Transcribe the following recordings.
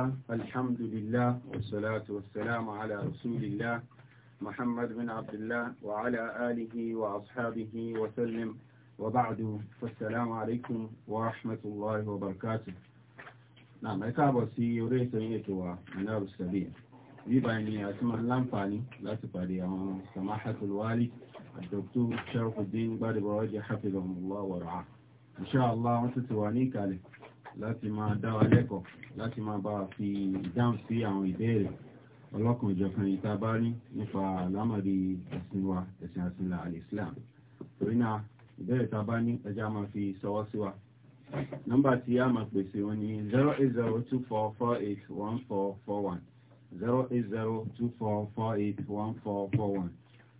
الله الحمد لله والصلاة والسلام على رسول الله محمد بن عبد الله وعلى آله وأصحابه وسلم وبعد فالسلام عليكم ورحمة الله وبركاته نعم أتابع سي يريد سنيتوا منار السبيل بيبا إني أسمع لنفاني لا تفادي عن سماحة الوالي الدكتور شرف الدين بارب راجي حفظهم الله ورعاه إن شاء الله وانت توانيك عليكم láti máa dá wa lẹ́kọ̀ọ́ láti máa bá wa fi dáhùn sí àwọn ìbéèrè ọlọ́kan ìjọkan ìta bá rí nípa àlámọ̀rí ẹ̀sìn wa ẹ̀sìn àsìnlá alìsílám torí náà ìbéèrè ta bá ní ẹjá máa fi sọwọ́ sí wa nọ́mbà tí a máa pèsè wọn ni 08024481441 08024481441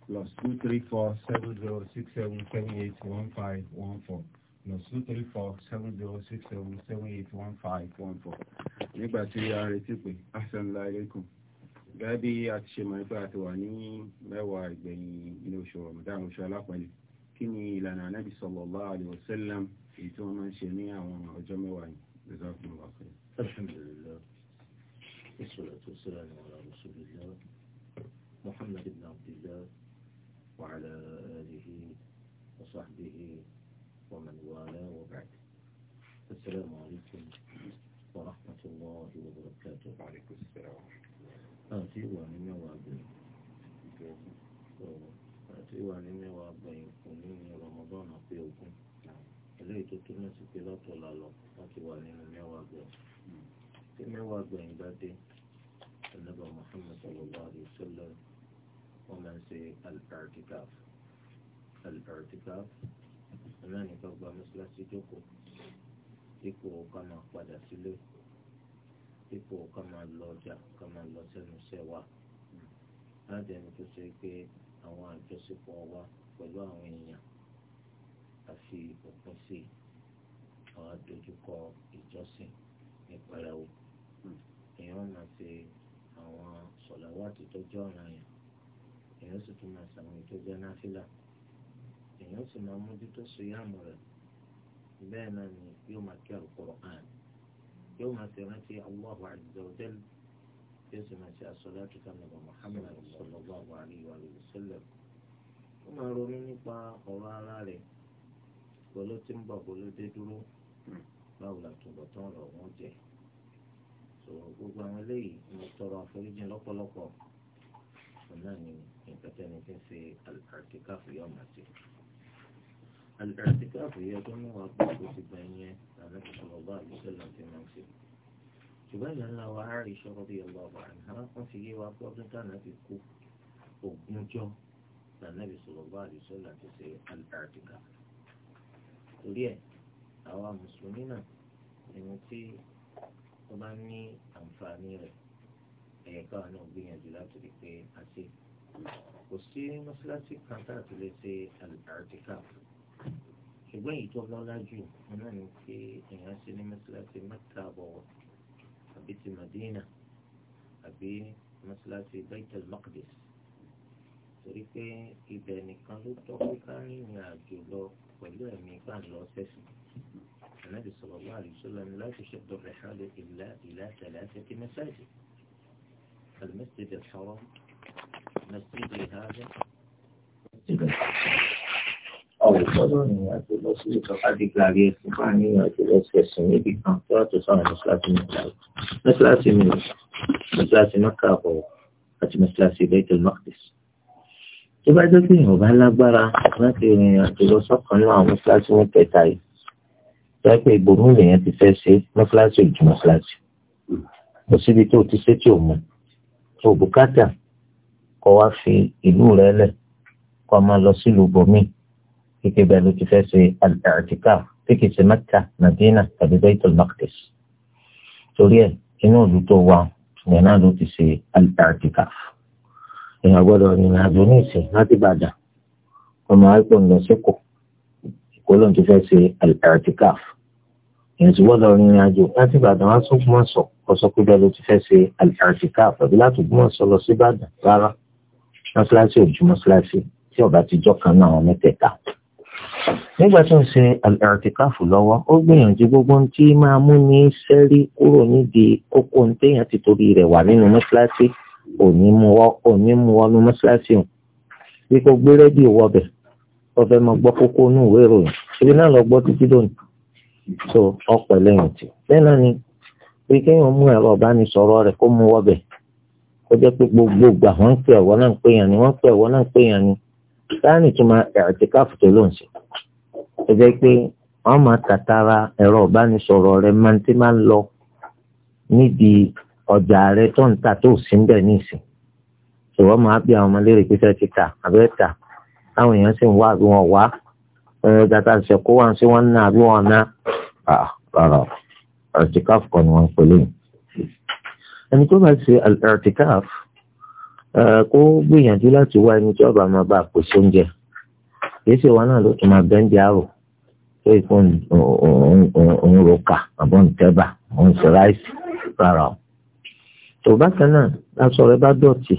plus 2347067781514 plus two three four seven zero six seven seven eight one five one four. nígbà tí a retí pé asanla alaikum gẹ́gẹ́ bí a ti ṣe mọ̀ nípa àti wà ní mẹ́wàá ìgbẹ̀yìn inú oṣù ramadan oṣù alápẹ̀lẹ̀ kí ni ìlànà anábì sallallahu alaihi wasallam èyí tí wọ́n máa ń ṣe ní àwọn ọjọ́ mẹ́wàá yìí jazakumullahu khairan. alhamdulillah muhammad ibn abdillah wa ala alihi wa sahbihi. ومن والاه وبعد السلام عليكم ورحمة الله وبركاته وعليكم السلام àti wà ní mẹ́wàá gbẹ̀yìn àti wà ní mẹ́wàá gbẹ̀yìn kò ní ní Ramadan pé ogún eléyìí tó túmọ̀ sí pé lọ́tọ̀ọ̀la lọ láti wà nínú mẹ́wàá gbẹ̀yìn tí mẹ́wàá gbẹ̀yìn bá dé ẹ̀nàbà Muhammad sallallahu alayhi wa sallam wọ́n máa ń ṣe al-i'tikaf al-i'tikaf náà ní ká gba mọ́ṣáláṣí jókòó dípò ká máa padà sílé dípò ká máa lọ ọjà ká máa lọ sẹ́nu iṣẹ́ wa láti ẹni tó ṣe pé àwọn àjọṣepọ̀ wa pẹ̀lú àwọn èèyàn àfi òpin sí àwọn àdójúkọ ìjọsìn níparawo èèyàn máa ṣe àwọn sọ̀làwátì tó jẹ́ ọ̀ràn yẹn èèyàn sì tún máa ṣàwọn ètò jẹ́ náfìlà èèyàn sì máa mójútó sùyàmù rẹ̀ bẹ́ẹ̀ náà ni yóò máa kí al-Qur'an yóò máa ṣèrántí Allahu azza wa jalla yóò sì máa ṣe as-salatu kan nàbà Muhammad sallallahu alayhi wa sallam ó máa ronú nípa ọ̀rọ̀ ara rẹ̀ gbọ́dọ̀ tí ń bọ̀ gbọ́dọ̀ dé dúró báwo la túbọ̀ tán ọ̀rọ̀ wọn jẹ́ sọ̀rọ̀ gbogbo àwọn eléyìí mo tọrọ àforíjì lọ́pọ̀lọpọ̀ náà ni nǹkan tẹ́ni ń ṣe àtìkáfù yọ̀ọ́ màá ṣe àtìkáàfù yẹ tó mú wa pé kò sì gbà yẹn ànábì sallallahu alaihi wasallam ti máa ń ṣe ṣùgbọ́n ìyá ńlá wa Aisha radiyallahu anha wọ́n fi yé wa pé ọdún táwọn ti kú ogúnjọ́ ànábì sallallahu alaihi wasallam ti ṣe àtìkáàfù torí ẹ̀ àwa mùsùlùmí náà ẹni tí ó bá ní àǹfààní rẹ̀ ẹ̀yẹ̀ká náà gbìyànjú láti rí pé a ṣe kò sí mọ́ṣáláṣí kan tá a ti lè ṣe àtìkáàfù وين يتوقع لاجي أنا نوكي إنهاسي في مكة بور أبي المدينة أبي مسلة في بيت المقدس تريكي إباني كان لو توقي كاني ناجي لو ولو أمي كان لو سيسي النبي صلى الله عليه وسلم لا تشد الرحال إلا إلى ثلاثة مساجد المسجد الحرام مسجد هذا àwùjọ ní àti lọ sí ìjọba gíga rí ẹsìn fún àníyàn àti lọ sí ẹsìn níbi kan tó wà tó sáwọn mọ́ṣáláṣí mẹ́ta yìí mọ́ṣáláṣí mi mọ́ṣáláṣí mọ́kà àbọ̀ àti mọ́ṣáláṣí Baitul Maqdis. tó bá jẹ́ pé èèyàn bá lágbára láti rìn àjò lọ sọ́kàn náà àwọn mọ́ṣáláṣí wọn kẹta yìí tó pé ìbòmú lèèyàn ti fẹ́ ṣe mọ́ṣáláṣí òjò mọ́ṣáláṣí kò síbi tó ti ṣe tí ò mọ̀ tó bùkátà kọ́ wá fi ìlú rẹ lẹ̀ kọ́ máa lọ sílùú bòmíì kíkẹ́ bẹ́ẹ̀ ló ti fẹ́ ṣe al-i'tikaf tí kì í ṣe Mẹ́kà Madina tàbí Baitul Maqdis torí ẹ̀ inú ìlú tó wà ìyẹn náà ló ti ṣe al-i'tikaf èèyàn gbọ́dọ̀ ìrìn àjò ní ìsìn láti bàjá ọmọ àìpọ̀ ń lọ sẹ́kọ̀ọ́ ìkó ló ń ti fẹ́ ṣe al-i'tikaf èèyàn ti gbọ́dọ̀ ìrìn àjò láti bàjá wá sókùn mọ́ sọ ọsọ pé bẹ́ẹ̀ ló ti fẹ́ ṣe al-i'tikaf láti gbọ́n nígbà tó ń ṣe àtìkáfù lọ́wọ́ ó gbìyànjú gbogbo ohun tí máa mú ní sẹ́rí kúrò nídìí kókó ohun téèyàn ti torí rẹ̀ wà nínú mọ́ṣáláṣí òní mú wọnú mọ́ṣáláṣí o bí kò gbé rédíò wọbẹ̀ ọbẹ̀ máa gbọ́ kókó inú ìwé ìròyìn ibi náà lọ gbọ́ títí lónìí so ọ̀pọ̀ lẹ́yìn tì bẹ́ẹ̀ náà ni pé kéèyàn mú ẹ̀rọ ọ̀bánisọ̀rọ̀ rẹ̀ kó mú wọbẹ̀ ó jẹ́ pé gbogbo àwọn ń pè ẹ̀wọ́ náà ń pè yàn ni wọ́n ń pè ẹ̀wọ́ náà ń pè yàn ni táà nìtúmọ̀ ẹ̀ẹ́dẹ́káfù tó lóun ṣe ó jẹ́ pé wọ́n máa tàtàrà ẹ̀rọ ìbánisọ̀rọ̀ rẹ máa ń tí máa ń lọ nídìí ọjà rẹ tó ń tà tó sí ń bẹ̀ nísìn ṣùgbọ́n wọ́n máa bí àwọn ọmọlérè pé fẹ́ ti tà àbẹ́ tà táwọn èèyàn sì ń wá àbí wọn wá ọjà tá ṣe kó wá sí wọn ná àbí wọn ná rárá ẹ̀rọ̀tìkáf kan ni wọ́n ń pèlè ẹni tó bá ṣe ẹ̀rọ̀tìkáf kó gbìyànjú láti wá ẹni tó bá máa bá àpòṣe oúnjẹ kì í ṣe wọn náà ló tún máa bẹ́ńdì àrò pé òun roka àbọ̀ ntẹ́bà òun ṣe ráìsì rárá o. tó bá kan náà aṣọ rẹ bá dọ̀tí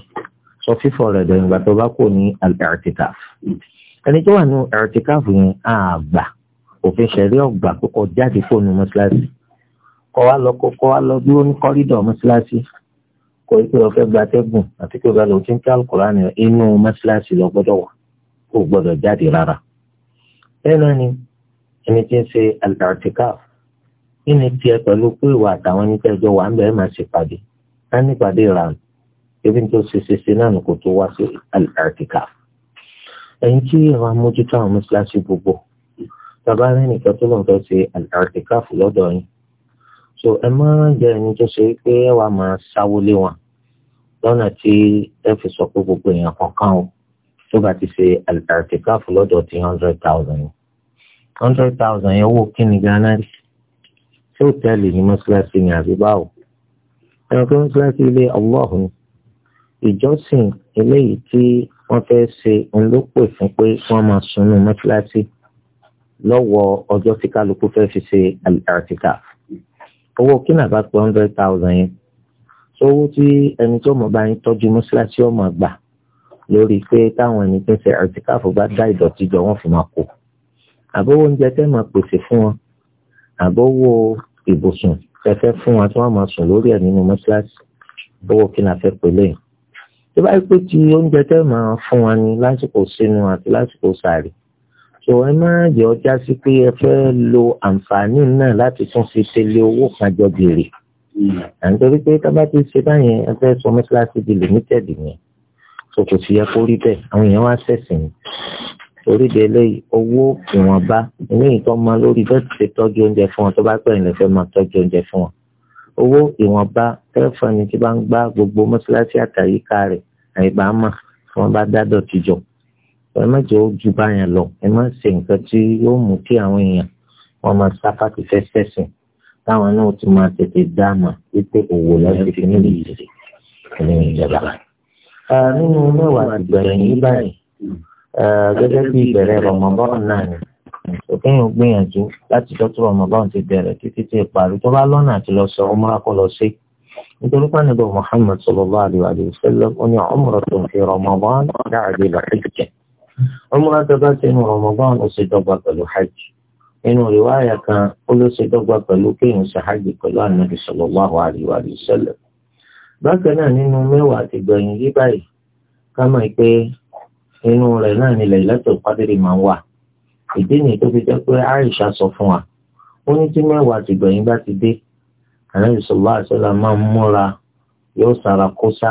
sọ fífọ̀ rẹ̀ dẹ̀yìn ìgbà tó bá kò ní al-i'tikaf ẹni tó wà ní i'tikaf yẹn àgbà òfin ṣẹ̀rí ọ̀gbà kókò jáde kó nu mọ́ṣáláṣí kọ́ wa lọ kókó wa lọ dúró ní kọ́rídọ̀ mọ́ṣáláṣí kò ní pé o fẹ́ gba atẹ́gùn àti pé o bá lọ tí ń ká Al-Kùránì inú mọ́ṣáláṣí lọ gbọ́dọ̀ wà kó gbọ́dọ̀ jáde rárá. bẹ́ẹ̀ náà ni ẹni tí ń ṣe al-i'tikaf kí ni tiẹ̀ pẹ̀lú pé ìwà àtàwọn ẹni tẹ́jọ́ wà ń bẹ̀rẹ̀ máa ṣe pàdé á ní pàdé ìrànù ebi tó ṣe ṣe ṣe náà kò tó wá sí al-i'tikaf. tí ìwà mójútó àwọn mọ́ṣáláṣí gbogbo bàbá rẹ̀ nìkan tó lọ́n fẹ́ ṣe al-i'tikaf lọ́dọ̀ yín so ẹ má jẹ́ ẹni tó ṣe pé ẹ wà máa sáwó lé wọn lọ́nà tí ẹ fi sọ pé gbogbo èèyàn kọ̀ọ̀kan o tó bá ti ṣe al-i'tikaf lọ́dọ̀ ti hundred thousand hundred thousand yẹn wò kí ni gánà rí ṣé òtẹ́ẹ̀lì ní mọ́ṣáláṣí ni àbí báwo ẹ̀rọ pé mọ́ṣáláṣí ilé ọlọ́run ìjọsìn eléyìí tí wọ́n fẹ́ ṣe ń ló pè fún pé wọ́n máa sunú mọ́ṣáláṣí lọ́wọ́ ọjọ́ tí kálukú fẹ́ fi ṣe àtìkà owó kí nàbà pé hundred thousand yẹn owó tí ẹni tó mọ̀ bá yín tọ́jú mọ́ṣáláṣí ọmọ àgbà lórí pé táwọn ẹni tó ń ṣe àtìkà fún bá dá ìdọ̀tí jọ wọ́n fi máa kó àbówó oúnjẹ tẹ́ máa pèsè fún wọn àbówó ìbùsùn tẹ́ fẹ́ fún wọn tí wọ́n máa sùn lórí ẹ̀ nínú mọ́ṣáláṣí owó kí la fẹ́ pèlè yìí tó bá yẹ pé ti oúnjẹ tẹ́ máa fún wọn ní lásìkò sínú àti lásìkò sàárì tó ẹ má jẹ́ ọjà sí pé ẹ fẹ́ lo àǹfààní náà láti tún fi tẹ̀lé owó kan jọ gèrè à ń torí pé tá bá ti ṣe báyẹn ẹ fẹ́ sọ mọ́ṣáláṣí di limited yẹn so kò sì yẹ kó rí bẹ́ẹ̀ àwọn èèyàn wá ṣẹ̀sìn oríde eléyìí owó ìwọ̀nba eléyìí tó máa lórí bẹ́ẹ̀ ti ṣe tọ́jú oúnjẹ fún wọn tó bá pẹ̀lú ìfẹ́ máa tọ́jú oúnjẹ fún wọn owó ìwọ̀nba tẹlifóònù tí bá ń gbá gbogbo mọ́ṣáláṣí àtàyíká rẹ̀ àyíká mà tí wọ́n bá dá dọ̀tí jọ ẹ má jẹ́ ojú bá yẹn lọ ẹ má ṣe nǹkan tí yóò mú kí àwọn èèyàn wọn máa sáfà ti fẹ́ sẹ̀sìn táwọn náà ti máa tètè dá àmà wípé òwò lọ́sẹ̀ fi níbi ìṣe nínú ìjọba nínú mẹ́wàá báyìí Eh, gẹ́gẹ́ bí ìbẹ̀rẹ̀ rọ̀mọ́bọ́n náà ni òkèèyàn gbìyànjú láti tọ́tù rọ̀mọ́bọ́n ti bẹ̀rẹ̀ títí tí ìparí tó bá lọ́nà àti lọ sọ ọmọ akọ lọ sí nítorí pàǹdà Muhammad sallallahu alaihi wa sallam ó ní umratun fi rọ̀mọ́bọ́n dáàbí lọ́hìjẹ́ umrah tó bá ti nu rọ̀mọ́bọ́n ó sì dọ́gba pẹ̀lú hajj nínú rìwáyà kan ó ló ṣe dọ́gba pẹ̀lú kéèyàn ṣàhájì pẹ̀lú ànábì bákan náà nínú mẹ́wàá àtìgbẹ̀yìn yí báyìí ká mọ̀ pé inú rẹ̀ náà ni Laylatul Qadr máa ń wà ìdí nìyí tó fi jẹ́ pé Aisha sọ fún wa ó ní tí mẹ́wàá ti gbẹ̀yìn bá ti dé Ànábì sallallahu alaihi wasallam máa ń múra yóò sara kóṣá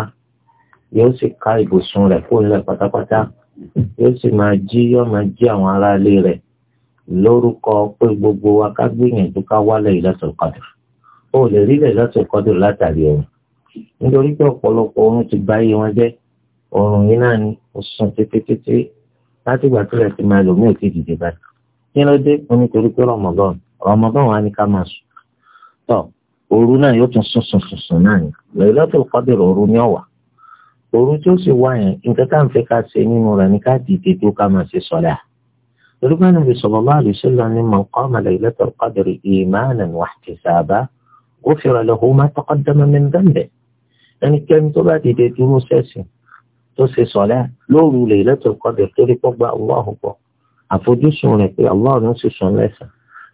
yóò sì ká ibùsùn rẹ̀ kó lẹ̀ pátápátá yóò sì máa jí yóò máa jí àwọn aráalé rẹ̀ lórúkọ pé gbogbo wa ká gbìyànjú ká wá Laylatul Qadr ó lè rí Laylatul Qadr látàrí òun nítorí pé ọ̀pọ̀lọpọ̀ oorun ti báyé wọn jẹ́ oorun yìí náà ni ó sùn títítítí láti ìgbà tó rẹ̀ ti máa lò mí ò tí ì dìde báyìí kí ló dé ó ní torí pé rọmọgán rọmọgán wa ni ká máa sùn tọ òru náà yóò tún sùn sùn sùn sùn náà ni Laylatul Qadr òru ni ọ̀wà òru tí ó sì wá yẹn nǹkan tá à ń fẹ́ ká ṣe nínú rẹ̀ ní ká dìde tó ká máa ṣe sọ́lá torí pé Ànábì sallallahu alaihi wasallam ní man qama tó ṣe sọ̀lẹ́ lóru lè lẹ́tọ̀ kọ́dẹ̀ torí pọ́ gba ọlọ́run pọ̀ àfojúsùn rẹ̀ pé ọlọ́run sì sùn lẹ́sàn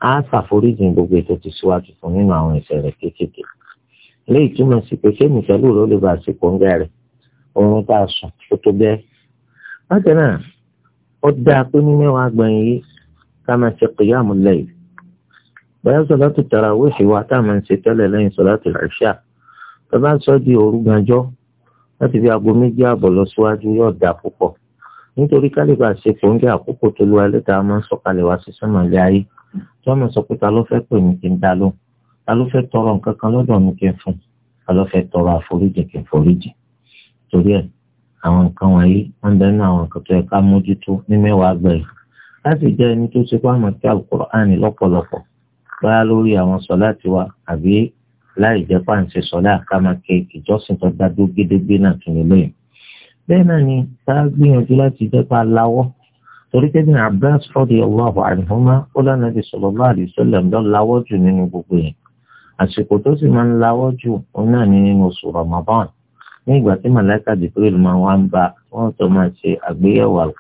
á ṣàforíjìn gbogbo ètò ti síwájú fún nínú àwọn ìṣẹ̀lẹ̀ kéékèèké léyìí túmọ̀ sí pé ṣé nìkẹ́lù ló lè bá a sí kóńgẹ́ rẹ̀ oorun tá a sùn kó tó bẹ́ẹ̀. bákan náà ó dáa pé ní mẹ́wàá gbẹ̀yìn yìí ká máa ṣe kìyàmù lẹ́yìn bóyá sọ̀látù tarawih wa tá a máa ń ṣe tẹ́lẹ̀ lẹ́yìn sọ̀látù ìṣà tó bá sọ di òru gànjọ́ láti fi aago méjì ààbọ̀ lọ síwájú yóò dà púpọ̀ nítorí kálíbà ṣe kò ń jẹ́ àkókò tó lu alẹ́ tá a máa ń sọ̀kalẹ̀ wá sí sọ́nà ilé ayé tí wọ́n mọ̀ sọ pé ta ló fẹ́ pè mí kí n dá ló ta ló fẹ́ tọrọ nǹkan kan lọ́dọ̀ mi kí n fún ta ló fẹ́ tọrọ àforíjì kí n foríjì torí ẹ̀ àwọn nǹkan wọ̀nyí wọ́n ń dẹnu àwọn nǹkan tó yẹ ká mójútó ní mẹ́wàá gbẹ̀rẹ̀ láti jẹ́ ẹni tó ṣe pé àmọ̀ kí al láì jẹ́ pàǹsẹ̀ sọ́lá àkàmàkè ìjọsìn tó dá dúró gédégbé náà tún nílé yìí. bẹ́ẹ̀ náà ni tá a gbìyànjú láti jẹ́ láwọ́ torí pé Ibn Abbas radiyallahu anhuma ó lánàá di sallallahu alaihi wasallam lọ láwọ́ jù nínú gbogbo yẹn àsìkò tó sì máa ń láwọ́ jù òun náà ní nínú oṣù Ramadan ní ìgbà tí màláìka Jibril máa wá ń ba wọ́n tó máa ṣe àgbéyẹ̀wò al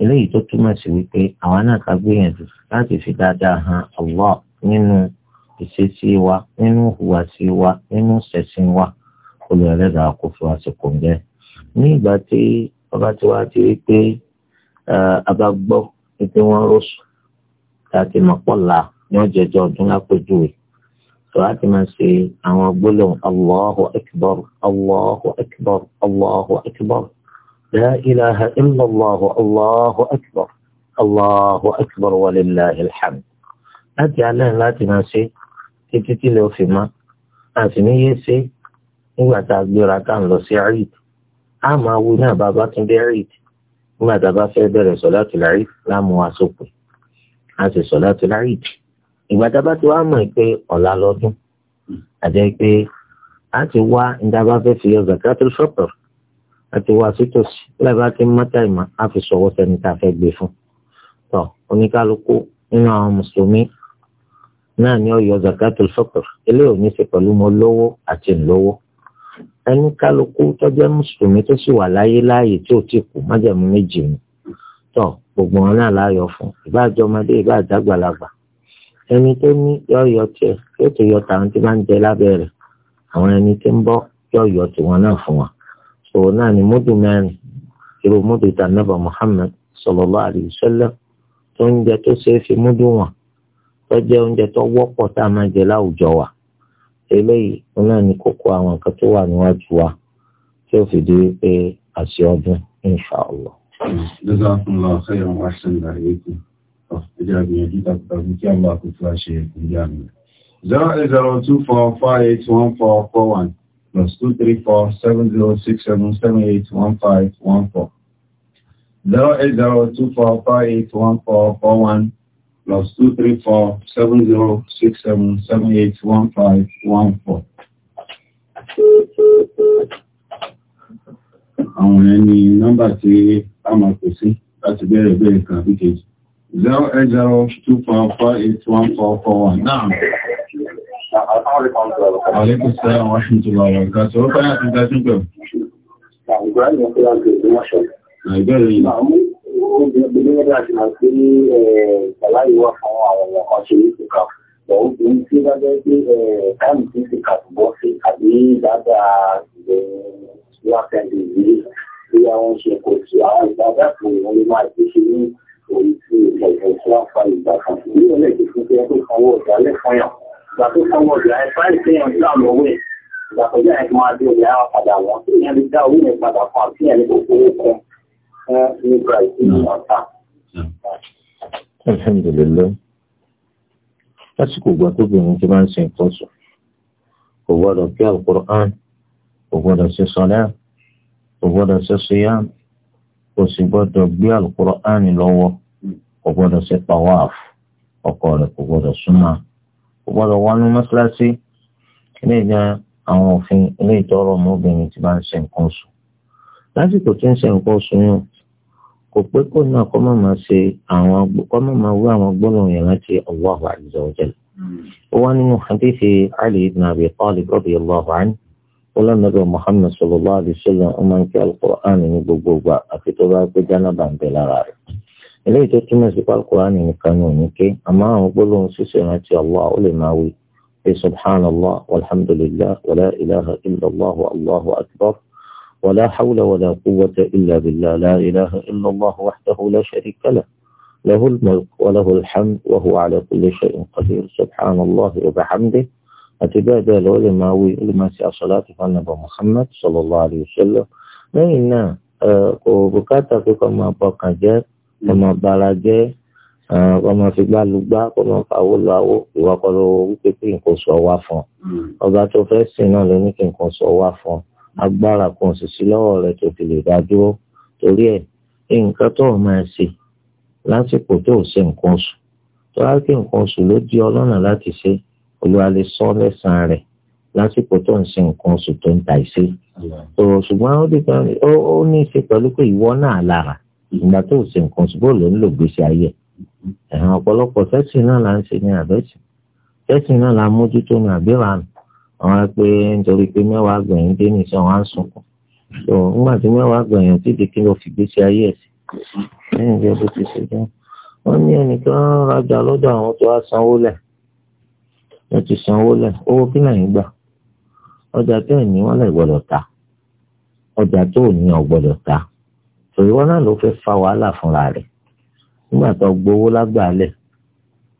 eléyìí tó túmọ̀ sí wípé àwa náà ká gbìyànjú láti fi dáadáa hàn Allah nínú ìṣesí wa nínú ìhùwàsí wa nínú ìṣẹ̀sìn wa olùrẹ̀lẹ́dàá kò fi wá sí kòńgẹ́. ní ìgbà tí ọba tí wàá ti rí pé àbá gbọ́ pé wọ́n rọ̀ṣù láti mọ̀pọ̀lá ní ọ̀jẹ̀jẹ̀ ọdún lápẹ̀jùwe tó láti máa ṣe àwọn gbólóhùn Allahu akbar Allahu akbar Allahu akbar لا إله إلا الله الله أكبر الله أكبر ولله الحمد láti alẹ́ láti máa ṣe títí tí lè fi mọ́ a sì ní yé ṣe nígbà tá a gbéra tá ń lọ sí eid a máa wo náà bàbá tún dé eid nígbà tá a bá fẹ́ bẹ̀rẹ̀ sọ̀láàtì eid láàmú wa a sì sọ̀láàtì eid ìgbà tá a bá ti wá mọ̀ pé ọ̀la lọ́dún àjẹ́ pé a ti wá ní tá a bá fẹ́ fi yọ zakatul fitr àti wà sítòsí lẹ́bàá tí mọ́tà ìmọ̀ á fi sọ̀wọ́ sẹ́ni tá a fẹ́ gbé fún. tọ́ oníkálukú nínú àwọn mùsùlùmí náà ni ó yọ zakatul fitr eléyìí ò ní ṣe pẹ̀lú mọ́ lówó àti ńlówó. ẹni kálukú tó jẹ́ mùsùlùmí tó sì wà láyé láàyè tí ò tí kú májẹ̀mú méjì ni. tọ́ gbogbo wọn náà láyọ̀ fún ìbáàjọ́ ọmọdé ìbáàjọ́ àgbàlagbà. ẹni tó ní yọ̀ọ̀yọ̀ tiẹ̀ yóò òun náà ni múdù mẹ́rin irú múdù tànàbà Muhammad sallallahu alaihi wasallam tó ń jẹ tó ṣeé fi múdù wọn tó jẹ oúnjẹ tó wọ́pọ̀ tá a máa jẹ láwùjọ wa eléyìí òun náà ni kókó àwọn nǹkan tó wà níwájú wa tí ó fi di pé àṣẹ ọdún insha Allah. lọ́sọ̀ àfúnlọ ọ̀sẹ̀yọ̀ wá ṣẹlẹ̀ àyẹ̀kù ọ̀sẹ̀jà gbìyànjú tàbí kí àwọn àkókò àṣẹ ìpínlẹ̀ àmì zero eight zero two four five eight one four four one. plus two three four seven zero six seven seven eight one five one four zero eight zero two four five eight one four four one plus two three four seven zero six seven seven eight one five one four. Àwọn ẹni nọ́mbà tí a máa pè sí láti That's a very very complicated. four eight one now. Àlékún sẹ́yàn wọ́n ṣe jùlọ ọ̀rọ̀ nǹkan tí ó fẹ́ láti dá sí pẹ̀lú. Àìbẹ̀rẹ̀ yìí. Ọ̀gbìn tí bá jẹ́ pé ẹ̀ẹ́dáàmì tí ti kàtùbọ́ sí àbí dáadáa ìgbẹ̀rẹ̀ wákẹ́ndì yìí tí àwọn ṣe kò sí àwọn ìdájá fún ìwọ̀n ló máa ti ṣe ní orí ìgbà lásìkò ìgbà tó bìnrin tí máa ń sin nǹkan sùn kò gbọdọ̀ kí alukur'an kò gbọdọ̀ ṣe sọlá kò gbọdọ̀ ṣe siyam kò sì gbọdọ̀ gbé alukur'an lọ́wọ́ kò gbọdọ̀ ṣe pawáf ọkọ rẹ̀ kò gbọdọ̀ súnmọ́ kò gbọ́dọ̀ wọnú mọ́ṣáláṣí ilé ìjà àwọn òfin ilé ìtọrọ ọmọbìnrin tí bá ń ṣe nǹkan oṣù lásìkò tí ń ṣe nǹkan oṣù yàn kò pé kó náà kọ́ mọ̀ máa ṣe àwọn kọ́ mọ̀ máa wú àwọn gbólóhùn yẹn láti Allahu azza wa jalla ó wá nínú hadithi Ali ibn Abi Talib radiyallahu anhu olóńgbò Muhammad sallallahu alaihi wasallam ọmọ nkẹ́ al ní gbogbo ìgbà àfi tó bá gbé jáná bàǹdẹ̀ lára rẹ̀. eléyìí tó túmọ̀ sí pálukùránì nìkan ní òníké àmọ́ àwọn gbólóhùn ṣíṣe rántí allah ó lè máa wí pé subhanallah walhamdulillah wàlá ilaha illallah allahu akbar wàlá hawla wàlá kúwàtà illa billah la ilaha illallah wahdahu la sharika lah له الملك وله الحمد وهو على كل شيء قدير سبحان الله وبحمده أتباد العلماء لما سي الصلاة فالنبى محمد صلى الله عليه وسلم لأن بكاتا فيكم ما بقى جات kọ́ máa bara jẹ́ eh, kọ́ máa fi gbá lugbá kọ́ máa fàwọ́ lọ àwọ̀ ìwà kọ́ lọ wípé kí nǹkan sọ wá fún ọ. Hmm. ọba tó fẹ́ sìn náà ló ní kí nǹkan sọ wá fún ọ agbára kan sì sí lọ́wọ́ rẹ̀ tó fi lè dá dúró torí ẹ̀ nǹkan tó o máa ṣe lásìkò tó o ṣe nǹkan oṣù tó wá kí nǹkan oṣù ló di ọlọ́nà láti ṣe olúwa lè sọ lẹ́sàn-án rẹ̀ lásìkò tó ń ṣe nǹkan oṣù tó ń ta ìṣe. Hmm. ṣùgbọ́n ó ní í ṣe pẹ̀lú pé ìwọ náà lára ìgbà tó ṣe nǹkan ṣùgbọ́ ló ń lò gbèsè ayé ẹ̀hàn ọ̀pọ̀lọpọ̀ tẹ́sì náà là ń ṣe ní àbẹ́sì tẹ́sì náà là ń mójútó ní àbẹ́rànù àwọn pé nítorí pé mẹ́wàá gbẹ̀yìn dé nìṣẹ́ wọn á ń sunkún tó nígbà tí mẹ́wàá gbẹ̀yìn tí kìkì lọ fi gbèsè ayé ẹ̀ sí lẹ́yìn bí ó ti ṣe jẹ́ wọ́n ní ẹnìkan rajà lọ́dọ̀ àwọn tó wá sanwó lẹ̀ wọ́n ti sanwó lẹ̀ owó kí lẹ́yìn gbà ọjà tó ní wọ́n lè gbọ́dọ̀ ta ọjà tó ní ò gbọ́dọ̀ ta sòyíwọ náà ló fẹ́ fa wàhálà fúnra rẹ̀ nígbà tó gbowó lágbàálẹ̀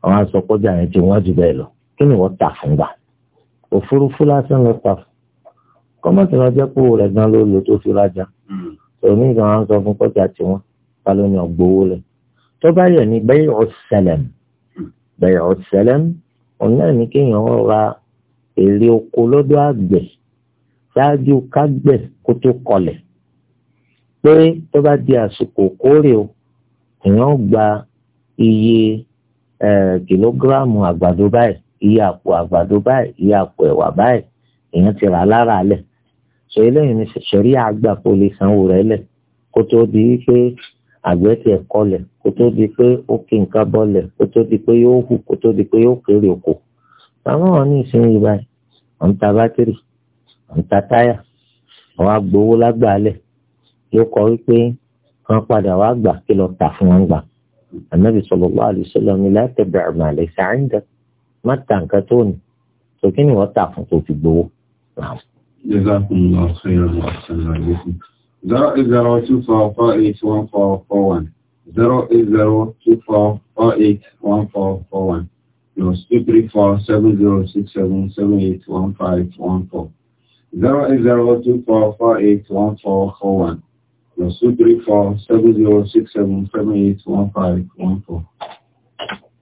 àwọn asọkọjà yẹn ti wọ́n jù bẹ́ẹ̀ lọ kí ni wọ́n tà fún gbà òfurufú lásán ló ta fún kọ́mọ̀tì náà jẹ́ pòwò rẹ̀ gan ló lò tó fi rajà hmm. òní ìgbà wọn sọ fún kọjá tiwọn ta ló ní ọgbowó lẹ̀ tó bá yẹ ní bẹ́ẹ̀ ọ̀sẹ̀lẹ̀m bẹ́ẹ̀ ọ̀sẹ̀lẹ̀m òun náà ní kéèyàn ra èrè oko lọ́dọ̀ àgbẹ̀ ṣáájú kágbẹ̀ kó tó kọlẹ̀ pé tó bá di àsìkò kórè o èèyàn gba iye kìlógíráàmù àgbàdo báyìí iye àpò àgbàdo báyìí iye àpò ẹ̀wà báyìí èèyàn ti rà á lára lẹ̀ ṣe eléyìí ni ṣẹ̀rí àgbà kò lè sanwó rẹ̀ lẹ̀ kó tó di pé àgbẹ̀ ti ẹ̀kọ́ lẹ̀ kó tó di pé ó kí nǹkan bọ́lẹ̀ kó tó di pé yóò hù kó tó di pé yóò kéré oko àwọn wọn ní ìsinyìí báyìí wọn ń ta bátìrì wọn ń ta táyà wọn á gbowó lágbàálẹ̀ ló kọ wípé wọn padà wá gbà kí lọ tà fún wọn gbà ànábì sallallahu alaihi wasallam ni la tabi' ma laysa má má ta nǹkan tó ní tó kí ni wọ́n tà fún tó fi gbowó. Jazakumullahu khairan wa ahsana ilaykum. zero eight zero two four four eight one four four one zero eight zero two four four eight one four four one plus two three four seven zero six seven seven eight one five one four zero eight zero two four four eight one four four one. plus two three four seven zero six seven seven eight one five one four.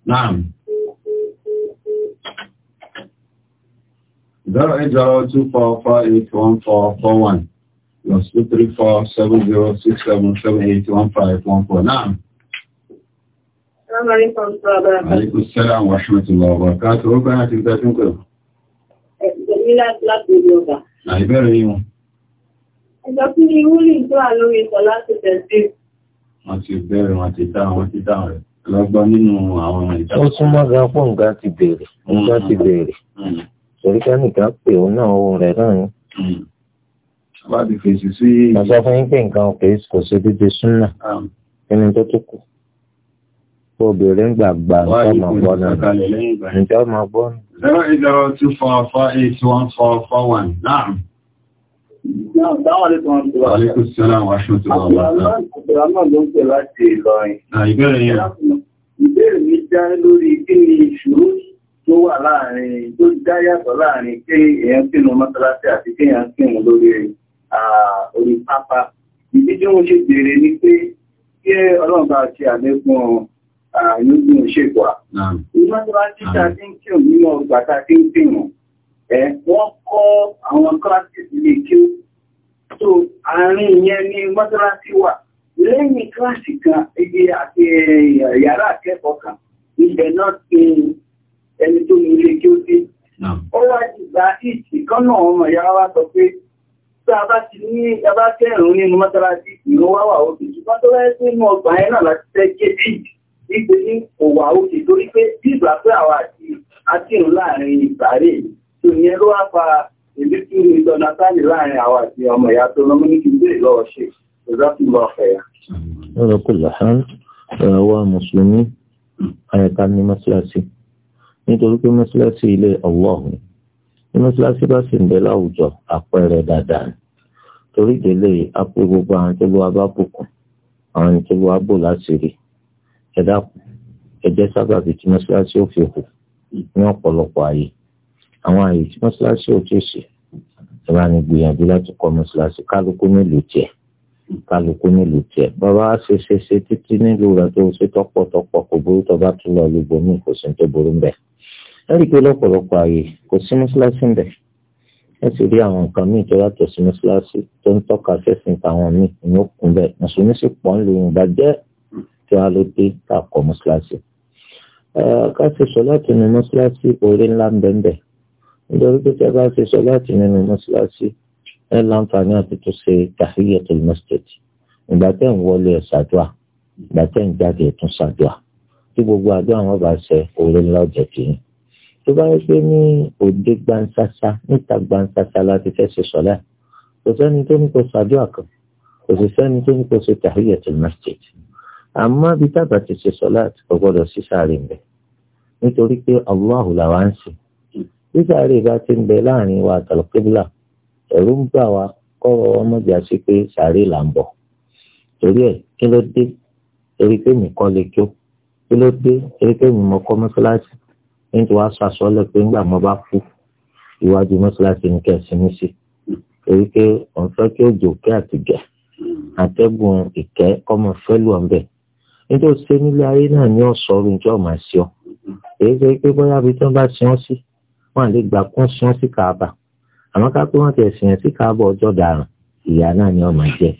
Nine. Zero eight zero two four five eight one four four one plus two three four seven zero six seven seven eight one five one four. Nine. Assalamualaikum warahmatullahi wabarakatuh. Orúkọ náà ti gbẹ́ fún pẹ̀lú. Ẹ̀sìn mi láti láti ìlú ọba. Àìbẹ̀rẹ̀ yìí wọn. Ẹjọ́ kí ni wúlì tó wà lórí ìtọ̀ láti tẹ̀sí? Wọ́n ti bẹ̀rẹ̀, wọ́n ti dáhùn, wọ́n ti dáhùn rẹ̀. Lọ́gbọ́n nínú àwọn ìjọba. Ó súnmọ́ ga pọ̀ nǹkan ti bẹ̀rẹ̀, mm. nǹkan ti bẹ̀rẹ̀. Sọ̀ríkà mm. nìkan pè ó náà ohun rẹ̀ náà ni. Mm. Bá ti fèsì sí. Mo sọ fún yín pé nǹkan kò kò ṣe dédé súnà. Ẹni tó tó kù. Kó obìnrin ń gbàgbà nǹkan máa gbọ́ náà. Nǹkan máa gbọ́ náà. Zero eight zero two four four eight one four four one. Ìbéèrè mi já lórí kí ni ìṣòro tó wà láàrin tó já yàtọ̀ láàrin kí èèyàn kínú mọ́sálásí àti kí èèyàn kínú lórí orí pápá. Ìdí tí wọ́n ṣe bèèrè ni pé kí Ọlọ́run bá ṣe àlékún àyógún ṣègbà. Ìmọ́sálásí ta ti ń kírun nínú ọgbà ta ti ń kírun. e, wọ́n kọ́ àwọn kíláàsì lè kí ó tó àárín ìyẹn ní mọ́sálásí wà lẹ́yìn kíláàsì kan ibi àti eh, yàrá akẹ́kọ̀ọ́ kan ibẹ̀ náà ti ẹni tó ní ilé kí ó wá ìgbà ìsì kan náà ọmọ ìyá sọ pé tá a bá ti ní a kẹrùn nínú ìlú wá wà òkè ṣùgbọ́n tó wáyé sí inú ọgbà yẹn náà láti fẹ́ ní òwà òkè torí pé bí ìgbà pé tó yẹn ló wá fa èmi tí mi lọ́nà sáàlì láàrin àwọn àti ọmọ ìyá tó lọ́mú ní kí n béèrè lọ́wọ́ ṣe kò dọ́kì lọ fẹ̀ yà. ọ̀rọ̀ kò lọ́hán wa mùsùlùmí àyẹ̀ká ní mọ́ṣáláṣí nítorí pé mọ́ṣáláṣí ilé ọlọ́run ní mọ́ṣáláṣí bá sì ń bẹ láwùjọ àpẹẹrẹ dáadáa torí ìdílé apò gbogbo àwọn tó lọ́wọ́ bá bùkún àwọn tó lọ́wọ́ bò láṣìírí ẹ̀dá ẹ̀jẹ̀ sábàbí tí mọ́ṣáláṣí ò fi hù ní ọ̀pọ̀lọpọ̀ ayé àwọn àyè tí mọ́ṣáláṣí ò tó ṣe ìwà ni gbìyànjú láti kọ́ mọ́ṣáláṣí kálukú nílùú tiẹ̀ kálukú nílùú tiẹ̀ bàbá wa ṣe ṣe ṣe títí nílùú rẹ̀ tó ṣe tọ́pọ̀ tọ́pọ̀ kò burú tó bá tún lọ lóbo ní kò sí tó burú bẹ́ẹ̀ lórí pé lọ́pọ̀lọpọ̀ àyè kò sí mọ́ṣáláṣí ń bẹ̀ ẹ sì rí àwọn nǹkan míì tó yàtọ̀ sí mọ́ṣáláṣí tó ń tọ́ka sẹ́sìn táwọn míì ní òkun bẹ́ẹ̀ mùsùlùmí sì pọ̀ ń lu ìgbà jẹ́ tí a ló dé ká mọ́ṣáláṣí ká ṣe sọ láti nu mọ́ṣáláṣí orí ńlá ń bẹ́ẹ̀ bẹ́ẹ̀ nítorí pé tí a bá ṣe sọ láti nínú mọ́ṣáláṣí ẹ láǹfààní àti tó ṣe tahiyatul masjid ìgbà tẹ̀ ń wọlé ẹ̀ ṣàdúà ìgbà tẹ̀ ń jáde ẹ̀ tún ṣàdúà tí gbogbo àdúrà wọn bá ṣe òrè ńlá ọ̀jẹ̀ kìíní tó bá yẹ pé ní òde gbansasa níta gbansasa láti fẹ́ ṣe sọ́lá kò sẹ́ni tó ní kó ṣàdúà kan kò sì sẹ́ni tó ní kó ṣe tahiyatul masjid àmọ́ bí tábà sísáré bá ti ń bẹ láàrin wa àtàlùkébùlà ẹ̀rù ń bà wá kọ́rọ̀ ọmọdé àti pé sàárè là ń bọ̀ torí ẹ̀ kí ló dé torí pé mi kọ́ lè kí ó kí ló dé torí pé mi mọ kọ́ mọ́ṣáláṣí nítorí wàá sọ àsọlẹ̀ pé ńgbà mo bá kú iwájú mọ́ṣáláṣí ní kẹ̀sìn mi sí torí pé òun fẹ́ kí òjò kí àtìgẹ̀ àtẹ́gùn ìkẹ́ ọmọ fẹ́lú ọ̀nbẹ̀ nítorí ṣé nílé ayé náà ní ọ̀sọ́rùn jọ́ màá èyí ṣe pé bóyá ibi tí wọ́n bá ṣe sí wọn lè gbà kún sun sí kaaba àmọ́ ká pé wọ́n ti ẹ̀sìn sí kaaba ọjọ́ dàrún ìyá náà ni ọmọ jẹ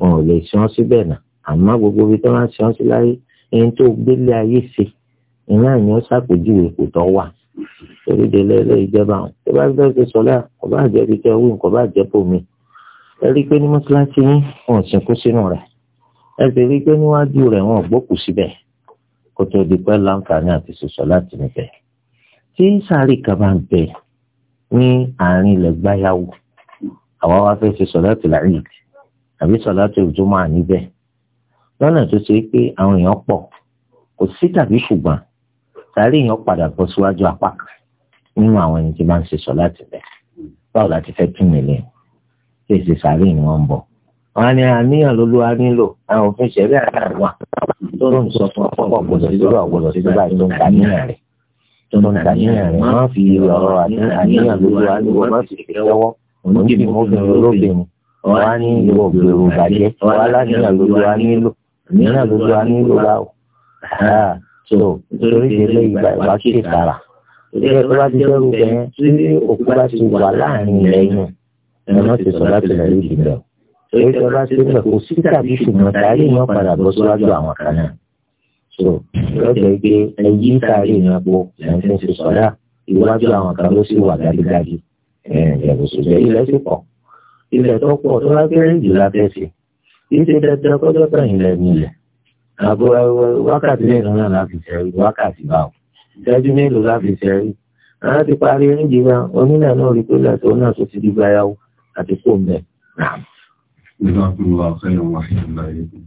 wọn ò lè sun síbẹ̀ náà àmọ́ gbogbo ibi tó máa ń sun sí láyé ẹni tó gbélé ayé ṣe iná ni ó ṣàpèjúwe kò tọ́ wà torí délé ẹlẹ́ ìjọba àwọn tó bá bẹ́ẹ̀ ṣe sọ́lá kò bá jẹ́ ibi tẹ́ wí kò bá jẹ́ bòmí ẹ rí i pé ní mọ́tíláṣí yín wọn ò sìnkú sínú rẹ̀ ẹ sì rí i pé níwájú rẹ̀ wọn gbókù síbẹ̀ kó tó di pẹ́ láǹfààní àti ṣoṣọ láti níbẹ̀ tí sáré kan bá ń bẹ ní àárín ilẹ̀ gbáyàwó àwa wá fẹ́ ṣe sọ̀láàtì láàyè àbí sọ̀láàtì òjò máa níbẹ̀ lọ́nà tó ṣe pé àwọn èèyàn pọ̀ kò sí tàbí ṣùgbọ́n sáré èèyàn padà bọ́ síwájú apá kan nínú àwọn ẹni tí máa ń ṣe sọ̀láàtì bẹ̀ báwo la ti fẹ́ tún nílé ṣe ṣe sáré ni wọ́n ń bọ̀ wọn ni àníyàn lolúwa nílò àwọn òfin ṣẹ̀rí àdáwà tó ló ń sọ fún ọ̀pọ̀ ọ̀gbọ̀dọ̀ sí lórí ọ̀gbọ̀dọ̀ sí lórí àìsàn ìgbà níyàn rẹ̀ tọmọtàníyàn rẹ̀ má fi ọ̀rọ̀ àníyàn lójú àlùwọ má fi lọ́wọ́ oníjìbí mọbìnrin olóbìnrin wà ní ìwọ gbèrò bàjẹ́ wà láníyàn lójú à nílò àníyàn lójú à nílò báwò so nítorí délé ìgbà ìwà kìí tara ìdílé tó bá ti dẹrù bẹ́ẹ̀ tí òkú bá ti wà láàrin ilẹ̀ yẹn ti sọ láti rẹ lójú bẹ́ẹ̀ o èyí tó bá ti bẹ kò sí tàbí ṣùgbọ́n tàbí yẹn padà bọ́ síwájú àwọn kan náà so lọ́jọ́ pé ẹyí ń kárí ìyẹn àpò ẹ̀ńtún ti sọ̀dá ìwájú àwọn kan ló sì wà dájúdájú ẹ̀ẹ́dẹ̀gbọ̀sọ̀jẹ́ ilẹ̀ sì pọ̀ ilẹ̀ tó pọ̀ tó bá kéré jù lábẹ́ sí i ṣe dandan kọ́jọ́ tẹ̀yìn lẹ̀ nílẹ̀ àbò wákàtí mélòó náà láfi ṣẹ́rí wákàtí báwò ìṣẹ́jú mélòó láfi ṣẹ́rí àwọn ti parí oúnjẹ wa onílẹ̀ náà rí pé lẹ́tọ̀ọ́ náà tó ti di gbayàwó àti kò mẹ́. Ìgbà kúrò àkẹ́yọ̀ wáyé ńlá yìí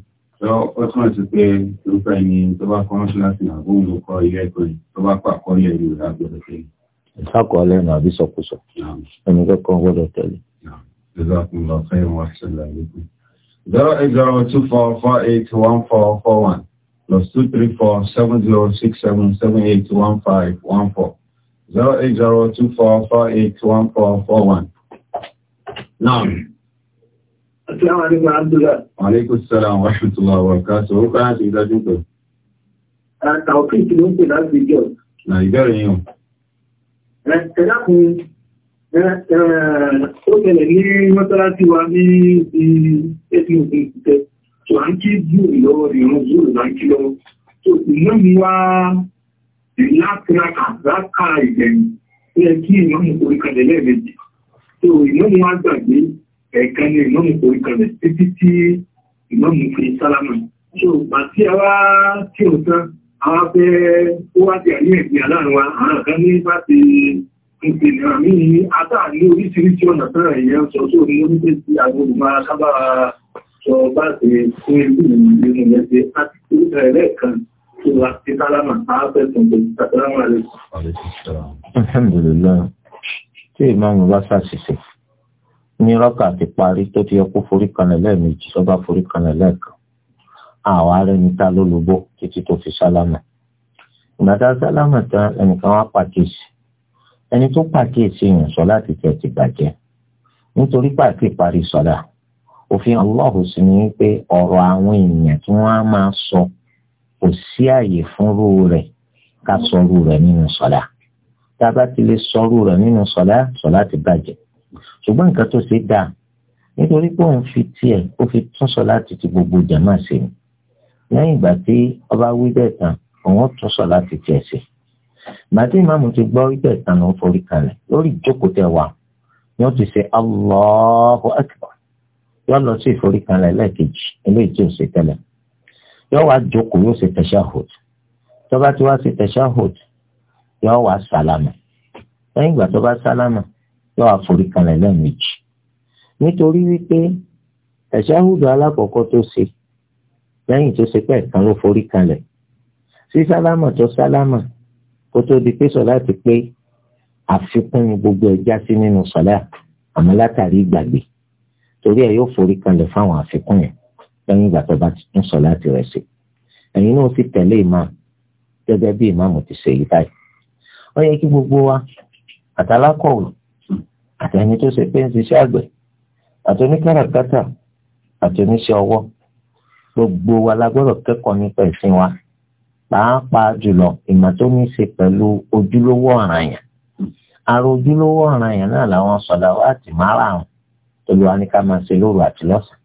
lọ ó túnmọ̀ sí pé irúfẹ́ ni tó bá kọ́ mọ́ṣáláṣí àbóhùn ló kọ́ ilé ẹ̀kọ́ yìí tó bá kọ́ àkọọ́lẹ̀ ìlú rẹ̀ àgbẹ̀rẹ̀ pé. ìṣàkọọ́lẹ̀ nù àbí sọkúsọ ẹni kẹ́kọ̀ọ́ gbọ́dọ̀ tẹ̀lé. zero eight zero two four four eight one four four one plus two three four seven zero six seven seven eight one five one four zero eight zero two four four eight one four four one. Now. Assalamu alaikum Abdullah. Alaikum salam wa rahmatullahi wa barakatuh. Ó káyà sí ìdájú pẹ̀. Tàwọ̀kì tí ó ń pè láti ìjọ. Nà ìbẹ̀rẹ̀ yìí o. Eh, Ẹ̀dàkùn eh, eh, ó tẹ̀lẹ̀ ní mọ́tàlátí wa ní ti ẹ̀sìn òfin ìtẹ́. Tò à ń kí zúrù lọ́wọ́ ìrún zúrù là ń kí lọ́wọ́. Tò ìlú mi wá ìlàkìlàkà láka ìgbẹ̀yìn. Ó yẹ kí ìmọ̀ mi orí kalẹ̀ lẹ́ẹ̀mejì. Tò ìmọ̀ mi wá gbàgbé ẹ̀ẹ̀kan ni ìmọ̀mù kò rí kalẹ̀ títí tí ìmọ̀mù fi sálámà ṣe ògbà tí a wá tí ò tán àwọn abẹ́ ó wá di àní ẹ̀gbìn aláàrin wa àwọn kan ní bá ti ìpìlẹ̀ àmì àtàrí oríṣiríṣi ọ̀nà sára ìyẹn sọ tó ní oríṣẹ́ sí àwọn olùmọ̀ sábàá sọ bá ti fún ìlú ìlú yẹn ṣe láti tó ẹ̀rẹ́ kan tó wá sí sálámà àáfẹ́ tuntun sálámà rẹ̀. alhamdulillah tí ìmọ̀mù bá ṣàṣìṣe ní rọ́kà ti parí tó ti yẹ kó forí kanlẹ̀ lẹ́ẹ̀mejì tó bá forí kanlẹ̀ lẹ́ẹ̀kan àwọn ará ẹni ta ló lobó títí tó fi sálámà ìgbà tá a sálámà tán ẹnìkan wá pàkíyèsí ẹni tó pàkíyèsí yẹn sọ láti tẹ̀ ti bàjẹ́ nítorí pàtí ìparí sọ̀dà òfin ọlọ́hùn sì ni pé ọ̀rọ̀ àwọn èèyàn tí wọ́n á máa sọ kò sí àyè fúnrú rẹ̀ ká sọrú rẹ̀ nínú sọ̀dà tá a bá ti lè sọrú rẹ̀ nínú sọ̀dà sọ̀dà ti bàjẹ́ ṣùgbọ́n nǹkan tó ṣe dáa nítorí pé òun fi tiẹ̀ ó fi tún sọ láti ti gbogbo jàmá ṣe ni lẹ́yìn ìgbà tí ọba wí bẹ́ẹ̀ tán òun tún sọ láti tiẹ̀ ṣe màtí ìmáàmù ti gbọ́ wí bẹ́ẹ̀ tán ló forí kalẹ̀ lórí ìjókòó tẹ wà ni ó ti ṣe Allahu Akbar yọ lọ sí ìforí kalẹ̀ lẹ́ẹ̀kejì eléyìí tí ò ṣe tẹ́lẹ̀ yọ wá jókòó yóò ṣe tashahhud tọ́ba tí wá ṣe tashahhud yọ wá sálámà lẹ́yìn ìgbà tó bá sálámà yóò àforí kanlẹ̀ lẹ́ẹ̀mejì nítorí wípé tàṣàhùdù alákọ̀ọ́kọ́ tó ṣe lẹ́yìn tó ṣe pẹ́ẹ́ kan ló forí kanlẹ̀ sí sálámà tó sálámà kó tó di pé sọlá ti pé àfikún ni gbogbo ẹja sí nínú sọlá àmọ́ látàrí ìgbàgbé torí ẹ yóò forí kanlẹ̀ fáwọn àfikún yẹn lẹ́yìn ìgbà tó bá ti tún sọlá ti rẹ̀ ṣe ẹ̀yin náà sì tẹ̀lé ìmáàmù gẹ́gẹ́ bí ìmáàmù ti ṣe yí báyìí ó yẹ kí gbogbo wa àtàlákọ̀wé àtẹni tó ṣe pé ń ṣiṣẹ́ àgbẹ̀ àtẹni káràkátà àtẹni ṣe ọwọ́ gbogbo wa la gbọ́dọ̀ kẹ́kọ̀ọ́ nípa ìsìn wa pàápàá jùlọ ìmọ̀ tó ní ṣe pẹ̀lú ojúlówó ọ̀ranyàn ara ojúlówó ọ̀ranyàn náà làwọn sọ̀dà wa ti máa rà wọn olùwà ní ká máa ṣe lóru àti lọ́sàn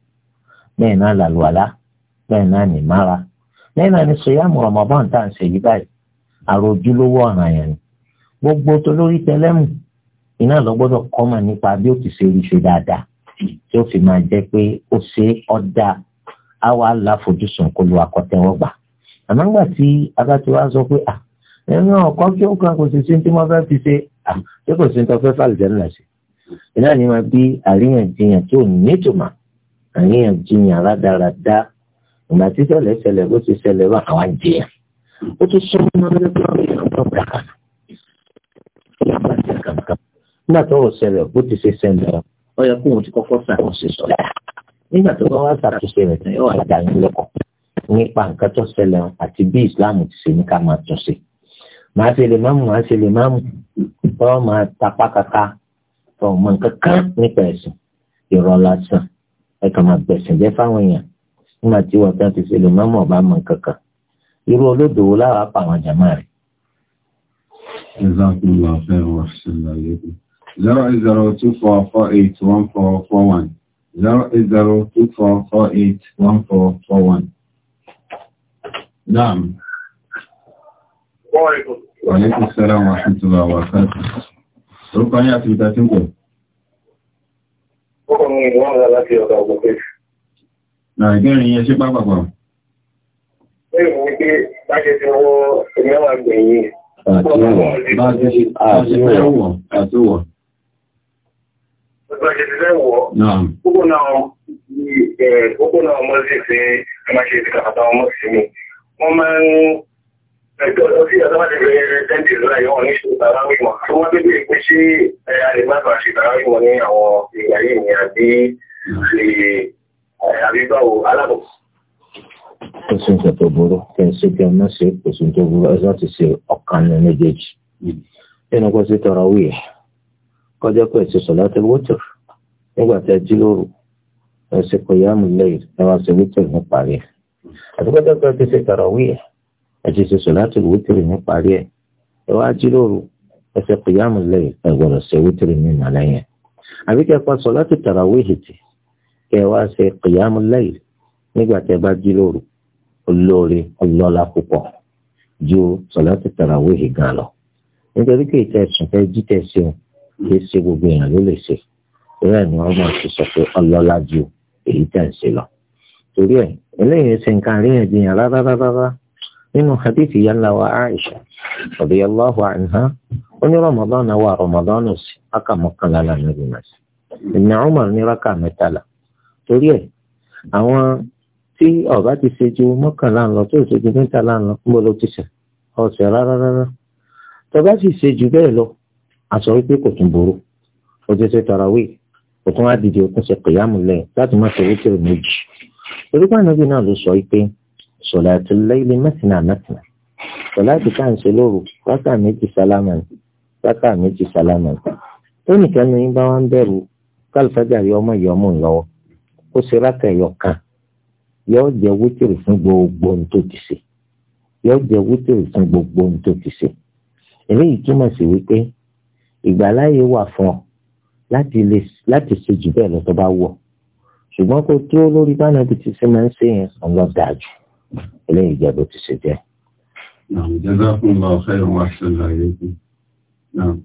bẹ́ẹ̀ náà làlùwàlá bẹ́ẹ̀ náà ní mára bẹ́ẹ̀ náà ní sọ̀yàmù Ramadan tá à ń ṣe yí báyìí ara ojúlówó ọ̀ranyàn ni gbogbo tolórí tẹlẹ́mù iná lọ gbọ́dọ̀ kọ́mọ̀ nípa bí ó ti ṣe rí ṣe dáadáa tí ó fi máa jẹ́ pé ó ṣe ọ̀dà á wà láfojúsùn kó lu àkọ́tẹ́wọ́gbà àmọ́ ńgbà tí abájọ wa sọ pé ẹnu ọkọ kí ó kan kò sì sí tí wọ́n fẹ́ fi ṣe tí kò sí ní tó fẹ́ fàlùjẹ́ ńlá sí iná ni máa bí àríyànjiyàn tí ò nítumọ̀ àríyànjiyàn rádaràda ìgbà tí ṣẹlẹ̀ ṣẹlẹ̀ bó ti ṣẹlẹ̀ wà àwọn jiyàn ó tún sọ fún ọmọdé tó nígbà tó rò ṣẹlẹ̀ bó ti ṣe ṣẹlẹ̀ ọ yẹ kóun ti kọ́kọ́ ṣàtúnṣe sọ̀rọ̀ nígbà tó bá wá ṣàtúnṣe rẹ̀ tán yóò wá dá yín lẹ́kọ̀ọ́ nípa nǹkan tó ṣẹlẹ̀ àti bí Islam ti ṣe ní ká máa tún ṣe màá ṣe lè máàmù màá ṣe lè máàmù tó máa tapá kaka tó mọ nǹkan kan nípa ẹ̀sìn irọ́ lásán ẹ kàn máa bẹ̀sìn jẹ́ fáwọn èèyàn nígbà tí wọ́n tán ti ṣe 08024481441. 08024481441. Naam. Wa alaikum salam wa rahmatullahi wa barakatuh. Orúkọ yín àti ìta tí ń pọ̀. Ọkọ̀ mi wọ́n rà láti ọ̀dọ̀ ọgbọ̀kẹ́. Nàìjíríà yẹn ṣe pápápá. Ṣé ìwọ̀n wípé bá ṣe ti wọ́ ìmẹ́wàá gbẹ̀yìn? Àti wọ̀. Bá ṣe wọ̀. Àti wọ̀. Wọ́n máa ń ẹ̀tọ́ lọ sí ọ̀dọ́ láti bẹ̀rẹ̀ tẹ́ntì lọ́la yọ́ ní ṣe tààrà wíwọ̀n. Tó wọ́n bèbè pé ṣé àlèmáàbà ṣe tààrà wíwọ̀n ní àwọn ìgbà yìí ni àbí ṣe àbíbáwò alábọ̀. Kò sí nǹkan tó burú, kí n ṣe kí n má ṣe kò sí nǹkan tó burú, ẹ láti ṣe ọ̀kan ní méjèèjì. Hmm. Nínú kó sí tọrọ wíyẹ̀ kọjá pé ẹ̀sẹ̀ sọ̀lá tẹ wọ́tò nígbà tí a jí lóru ẹ̀sẹ̀ kò yá mi lẹ́yìn ẹ wá ṣe wọ́tò ní parí ẹ̀ àti kọjá pé ẹ ti ṣe tàràwí ẹ̀ ẹ ti ṣe sọ̀lá tẹ wọ́tò ní parí ẹ̀ ẹ wá jí lóru ẹ̀sẹ̀ kò yá mi lẹ́yìn ẹ gbọ́dọ̀ ṣe wọ́tò ní ìmọ̀lẹ́yìn àbí kẹ́ pa sọ̀lá tẹ tàràwí ètì kẹ́ wá ṣe kò yá mi lẹ́yìn nígbà tí ẹ bá jí olóore ọlọ́lá púpọ̀ ju sọ̀lá tẹ tàràwí gan lọ nítorí kì í kì í ṣe gbogbo èèyàn ló lè ṣe torí ẹ̀ ni wọ́n máa ti sọ pé ọlọ́lá ju èyí tẹ̀ ń ṣe lọ. torí ẹ̀ eléyìí ṣe nǹkan àríyànjiyàn rárá rárá rárá nínú hadithi wa Aisha radiyallahu anha ó ní Ramadan wa Ramadan sí akamọ́kànlá lànà ìgbìmọ̀ sí Ibn Umar ní rákà mẹ́tàlá torí ẹ̀ àwọn tí ọba ti ṣe ju mọ́kànlá ń lọ tó ṣe ju mẹ́tàlá ń lọ ń bọ́ ló ti ṣe ọ̀sẹ̀ rárá rárá sì ṣe jù bẹ́ẹ̀ lọ a sọ wípé kò tún burú ó ti ṣe tarawih kò tún wá dìde òkun ṣe kìyàmù lẹ́yìn láti má ṣe wítìrì méjì orúkọ ànábì náà ló sọ wípé salatul layli mẹ́tìnà mẹ́tìnà sọ̀lá ti ká ń ṣe lóru rákà méjì sálámà rákà méjì sálámà tó nìkan ní bá wá ń bẹ̀rù yọ ọmọ yọ ọmọ lọ́wọ́ ó ṣe rákà ẹ̀yọ kan yóò jẹ́ wítìrì fún gbogbo ohun tó ti ṣe yóò jẹ́ wítìrì fún gbogbo ohun tó ti ṣe eléyìí túmọ̀ sí wípé ìgbàláyè wà fún ọ láti lè láti ṣe jù bẹ́ẹ̀ lọ tó bá wọ̀ ṣùgbọ́n kó tó lórí bá nàbí ti ṣe máa ń ṣe yẹn ọ̀n lọ dáa jù eléyìí jẹ́ bó ti ṣe jẹ́. ìjọba fún ọba ọ̀fẹ́ ìwọ̀n aṣọ́làyẹ̀kùn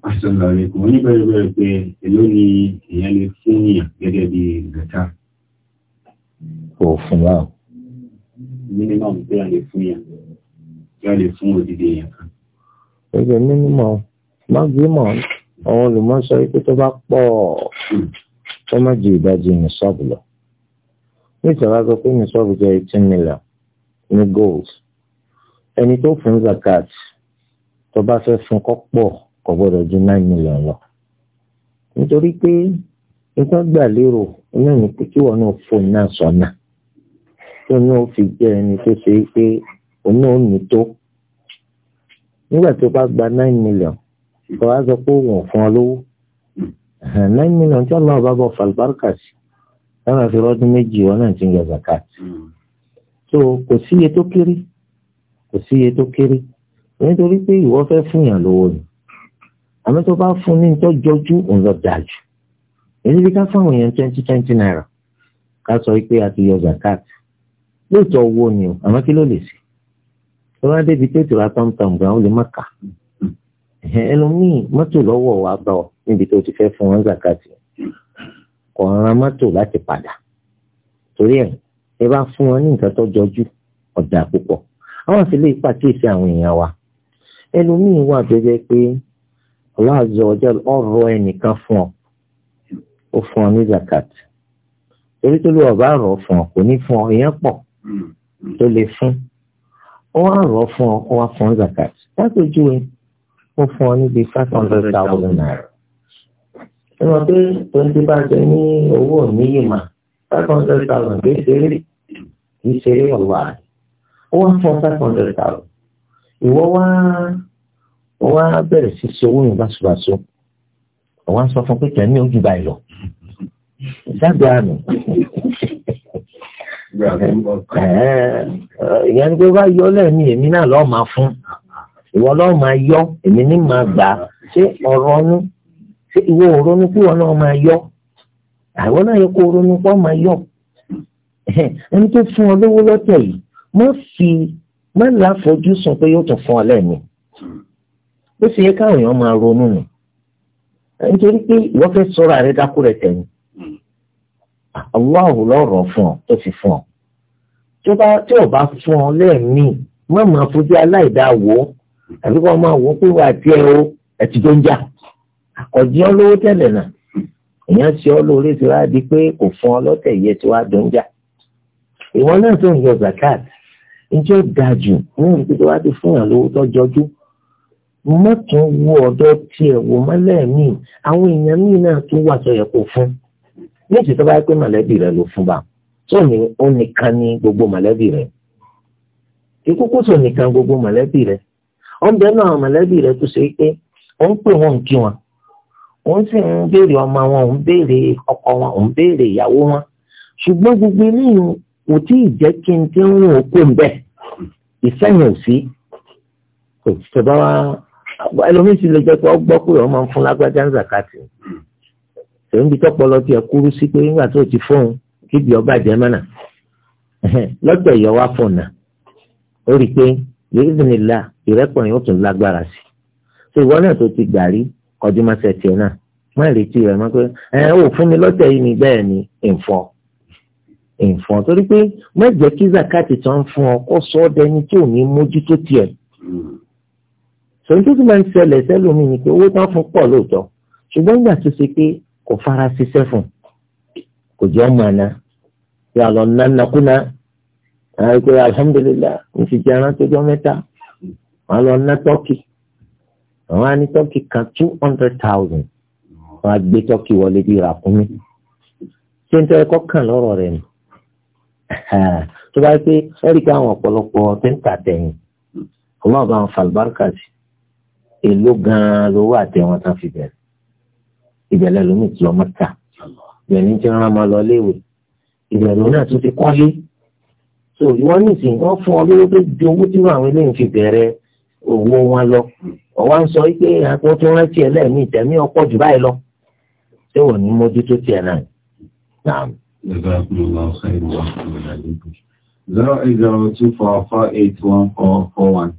aṣọ́làyẹ̀kùn oníbẹ̀rẹ̀bẹ̀rẹ̀ pé èló ni èèyàn lè fún yàn gẹ́gẹ́ bí gàtà. òfin wa. mínímọ̀ pé a lè fún yàn kí a lè fún òdìdí èèyàn kan. gẹ́gẹ́ mínímọ̀ mágbémọ̀ àwọn olùmọ̀sọ ikú tó bá pọ̀ tó má ju ìdajì nìṣọ́ọ̀bù lọ. nítorí wá sọ pé nìṣọ́ọ̀bù jẹ́ eighteen million ní gold ẹni tó fún zakat tó bá fẹ́ fún kọ́ pọ̀ kò gbọ́dọ̀ ju nine million lọ. nítorí pé nǹkan gbà lérò iná ní pé kí wọn náà fóun náà sọnà tó náà fi jẹ́ ẹni tó ṣe pé òun náà ò ní tó nígbà tó bá gba nine million kò wá sọ pé òun fún ọ lówó nine million tí ọlọ́run bá bọ̀ falbarka sí lọ́nà fi rọ́dún méjì ọ̀nà tí ń yọ zakat hmm. so kò sí iye tó kéré kò sí iye tó kéré nítorí pé ìwọ fẹ́ fún yàn lówó ni àmọ́ tó bá fún ní tọ́jọ́jú òun lọ dájú èyí bí ká fáwọn èèyàn twenty twenty naira ká sọ pé a ti yọ zakat lóòótọ́ owó ni o àmọ́ kí ló lè ṣe tó bá débi tó ìtura tọ́mtọ́m gan ó lè má kà á ẹlòmíì mọ́tò lọ́wọ́ wa bá ọ níbi tó ti fẹ́ fún wọn zakati kò rán mọ́tò láti padà torí ẹ̀ ẹ bá fún wọn ní nǹkan tó jọjú ọ̀dà púpọ̀ àwọn sì lè pàkíyèsí àwọn èèyàn wa ẹlòmíì wà bẹ́ẹ̀ pé ọlọ́àzọ ọjọ́ ọ̀rọ̀ ẹnìkan fún ọ ó fún ọ ní zakati torí tó lè ọba rọ̀ fún ọ kò ní fún ọ èèyàn pọ̀ tó lè fún ọ wá rọ̀ fún ọ wá fún ọ zakati wọ́n tó ẹ ó fún ọ níbi five hundred thousand naira. ẹ mọ̀ pé twenty bá jẹ ní owó níyì mà five hundred thousand kì í ṣeré kì í ṣeré ọ̀wà ó wá fún five hundred thousand ìwọ wá wá bẹ̀rẹ̀ sí ṣe owó yẹn báṣubàṣu àwọn sọ fún pé tẹ̀mí ó jù báyìí lọ ìjáde àná ìyẹn ni pé wá yọ lẹ́ẹ̀mí èmi náà lọ́ọ́ máa fún ìwọ náà máa yọ èmi ní máa gbà á ṣé ọ̀rọ̀ ọnú ṣé ìwọ òrónú kí ìwọ náà máa yọ àwọn náà yẹ kó òrónú pọ́ máa yọ ẹni tó fún ọ lówó lọ́tẹ̀ yìí má fi má láfojúsùn pé yóò tún fún ọ lẹ́ẹ̀mí ó sì yẹ káwọn èèyàn máa ronú nù nítorí pé ìwọ fẹ́ sọ̀rọ̀ àrẹ dákú rẹ tẹ̀yìn Allahu lọ́rọ̀ fún ọ tó fi fún ọ tí ó bá fún ọ lẹ́ẹ̀mí má máa fojú aláìdáa àbí kọ́ máa wò ó pé wà á tiẹ̀ o ẹ̀tì tó ń jà àkọ́jí ọ lówó náà èèyàn ṣe ọ lóore tí di pé kò fún ọlọ́tẹ̀ yẹ tí wá dùn jà ìwọ náà tó ń yọ zakat njẹ́ dájú ní ti fún lówó tó jọjú mọ́tún wo ọ̀dọ́ tiẹ̀ wò mọ́lẹ̀ àwọn èèyàn náà wà ní bá pé mọ̀lẹ́bí rẹ gbogbo mọ̀lẹ́bí rẹ tó nìkan gbogbo mọ̀lẹ́bí rẹ wọ́n bẹ́ẹ̀ náà mọ̀lẹ́bí rẹ̀ tó ṣe pé ọ ń pè wọ́n kí wọn òun sì ń béèrè ọmọ wọn òun béèrè ọkọ wọn òun béèrè ìyàwó wọn ṣùgbọ́n gbogbo eléyìí kò tí ì jẹ́ kí n ti ń rún òkú ń bẹ̀ ò sí kò ẹlòmíín sì lè jẹ́ pé ọgbọ́ pé ọmọ ń fún lágbájá ń ọba mọ́nà wá fóun náà ó rí i ìrẹ́pọ̀ yóò tún lágbára sí ṣé ìwọ náà tó ti gàrí kọjú máa ṣe tiẹ̀ náà má retí rẹ̀ máa pé ẹ ò fún mi lọ́tẹ̀ yìí ni bẹ́ẹ̀ ni ìfọ̀ ìfọ̀ torí pé má jẹ́ kí zakati tó ń fún ọ kó sọ ọ́ dẹni tí ò ní mójútó tiẹ̀ sọ̀rọ̀ tó máa ń ṣẹlẹ̀ sẹ́lómi ni pé owó tán fún pọ̀ lóòótọ́ ṣùgbọ́n nígbà tó ṣe pé kò fara ṣiṣẹ́ fún kò jẹ́ ọmọ àná yà lọ nánakúnà àwọn ìpè alhamdulilayi ń fi jẹran tó mẹ́ta wọ́n lọ ná tọ́kì àwọn á ní tọ́kì kan two hundred thousand wọ́n á gbé tọ́kì wọlé bí ràkúnmí ṣé n tẹ́ ẹ kọ́ kàn lọ́rọ̀ rẹ̀ nù tó bá pé ẹ̀rí pé àwọn ọ̀pọ̀lọpọ̀ tó ń tà tẹ̀yìn ọlọ́run bá ń falùbáríkà sí èló gan-an lówó àtẹ̀wọ̀n tán fi bẹ̀rẹ̀ ìbẹ̀lẹ̀ lómi ti lọ mọ́ta ìbẹ̀ni ti rán ọmọ lọ léèwé ìbẹ̀rù náà tún ti kọ́lé so ìwọ́n nìsín wọ́n fún ọ lówó pé ju owó tí àwọn eléyìí fi bẹ̀rẹ̀ owó wọn lọ ọwọ́ ń sọ pé àpò tó rántí ẹ lẹ́ẹ̀mí ìtẹ̀mí ọ̀pọ̀ jù báyìí lọ ṣé wọ́n ní mójútó tiẹ̀ náà. Zero eight zero two four four eight one four four one.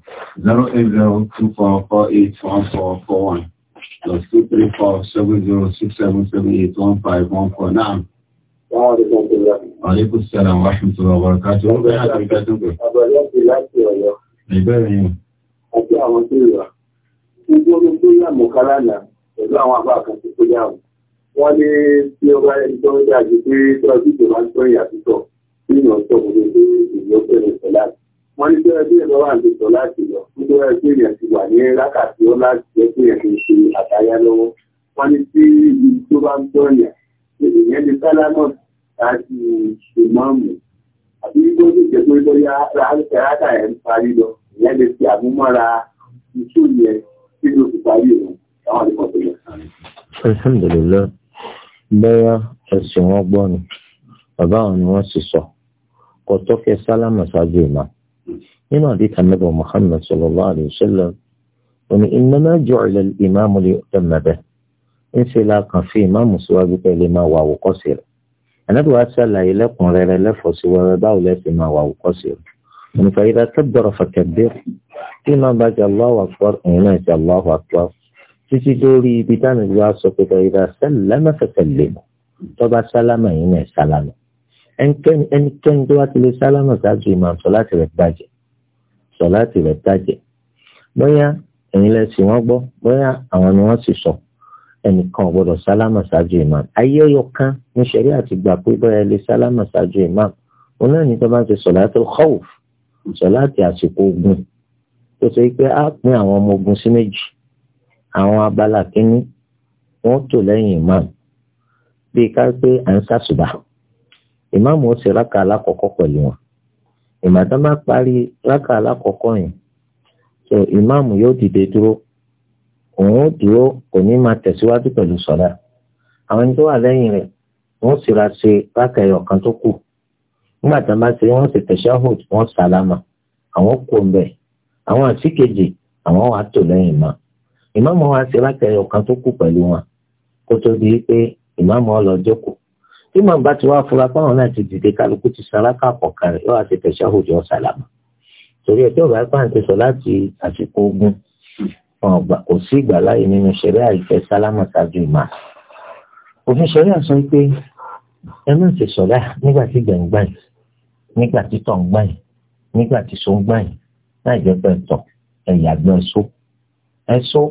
Zero eight zero two four four eight one four four one. Plus two three four seven zero six seven seven eight one five one four nine. Aleykum salaam wa rahmatullahi wa barakatuh. Wọ́n bẹ̀rẹ̀ àti ìgbẹ́sùn pé. Àbọ̀lẹ́ ti láti ọ̀yọ́. Ìbẹ̀rẹ̀ yìí àti àwọn tó rà gbogbo ọdún tó yà mọ̀ká lánàá pẹ̀lú àwọn àbá kan tó tó yà wọ́n ní tí ó bá ẹni tó ń dà jù pé tọ́jú ìjọba ń tọ́ ìyà títọ̀ tí ìyàn tọ̀ kó lè dé ìlú ọ̀pẹ̀rẹ̀ sọ̀lá wọ́n ní tí ẹbí ẹ̀rọ wà ní sọ láti lọ nítorí ẹbí èèyàn ti wà ní lákàtí ó láti jẹ́ pé èèyàn ti ṣe àtayá lọ́wọ́ wọ́n ní tí ìlú tó bá ń tọ́ ìyẹn lè fi àmúmọ́ra iṣẹ́ yẹn tí ló fi parí òun àwọn àdìpọ̀ tó yẹ. alhamdulilayi bẹ́ẹ̀ ẹ̀sìn wọn gbọ́ ni bàbá àwọn ni wọ́n sì sọ kò tó kẹ sálámà ṣáájú ìmọ̀ nínú àdìtà mẹ́bọ̀ muhammed sallallahu alayhi wa sallam òní innama ju'ila al-imamu liyu'tamma ń ṣe la kàn ìmáàmù síwájú pẹ̀lú máa àwòkọ́sí rẹ̀ ànábìwá ṣàlàyé lẹ́kùnrẹ́rẹ́ lẹ́fọ̀ọ́ sí wẹ́rẹ́ báwo lẹ́sìn máa àwòkọ́sí rẹ̀ nípa yíra kẹ́bọ̀rọ̀ fàkẹ́bẹ́rù tí máa bá jẹ Allahu akbar òun náà jẹ Allahu akbar títí dórí ibi táwọn ìlú aṣọ pé yíra sẹ́lẹ̀mẹ́ fẹ́kẹ́lẹ́mù tọ́ba sálámà yìí náà sálámà ẹnikẹ́ni tó bá ti lè sálámà ṣáájú ìmọ̀ sọ̀láàtì rẹ̀ bàjẹ́ sọ̀láàtì rẹ̀ bàjẹ́ bóyá ẹ̀yin lẹ́sìn wọ́n gbọ́ bóyá àwọn ni wọ́n sì sọ ẹnìkan ò gbọ́dọ̀ sálámà ṣáájú imam ayé ọyọ kan ní sẹ́rí àti gbà pé bóyá ilé sálámà ṣáájú imam òun náà ní tó bá ti sọ̀láàtì khawf sọláàtì àsìkò ogun tó ṣe pé á pín àwọn ọmọ ogun sí méjì àwọn abala kínní wọn tò lẹ́yìn imam bíi ká pé à ń ṣàṣùbà imam ó ṣe rákà alákọ̀ọ́kọ́ pẹ̀lú wọn ìmọ̀tá bá parí rákà alákọ̀ọ́kọ́ yẹn so imam yóò dìde dúró òun ó dúró kò ní máa tẹ̀síwájú pẹ̀lú sọ̀rọ̀ àwọn ẹni tó wà lẹ́yìn rẹ̀ wọ́n sì ra ṣe rákà ẹ̀yọ̀ kan tó kù nígbà tá a bá ṣe wọ́n ṣe tashahud wọ́n sálámà àwọn kò ń bẹ̀ àwọn àtìkejì àwọn wàá tò lẹ́yìn mọ́ ìmáàmù wa ṣe látẹ̀yọ̀ kan tó kù pẹ̀lú wọn kó tó di pé ìmáàmù ọlọ jókòó tí màá bá ti wá fura fáwọn náà ti dìde kálukú ti saraka kọ̀ọ̀kan rẹ̀ yóò wá ṣe tashahud wọ́n sálámà torí ẹjọ́ bá pàǹ ti sọ láti àsìkò ogun kò sí ìgbàláyè nínú ṣẹ̀ríà àìfẹ́ sálámà ṣáájú ìmá òfin ṣẹ̀ríà sọ pé ẹ má ṣe sọ̀rọ̀ nígbà tí gbẹ̀ngbẹ̀ng nígbà tí tọ̀ ń gbà yìí nígbà tí so ń gbà yìí láì jẹ́ pé tọ̀ ẹ̀yà gbọ́ ẹ̀só ẹ̀só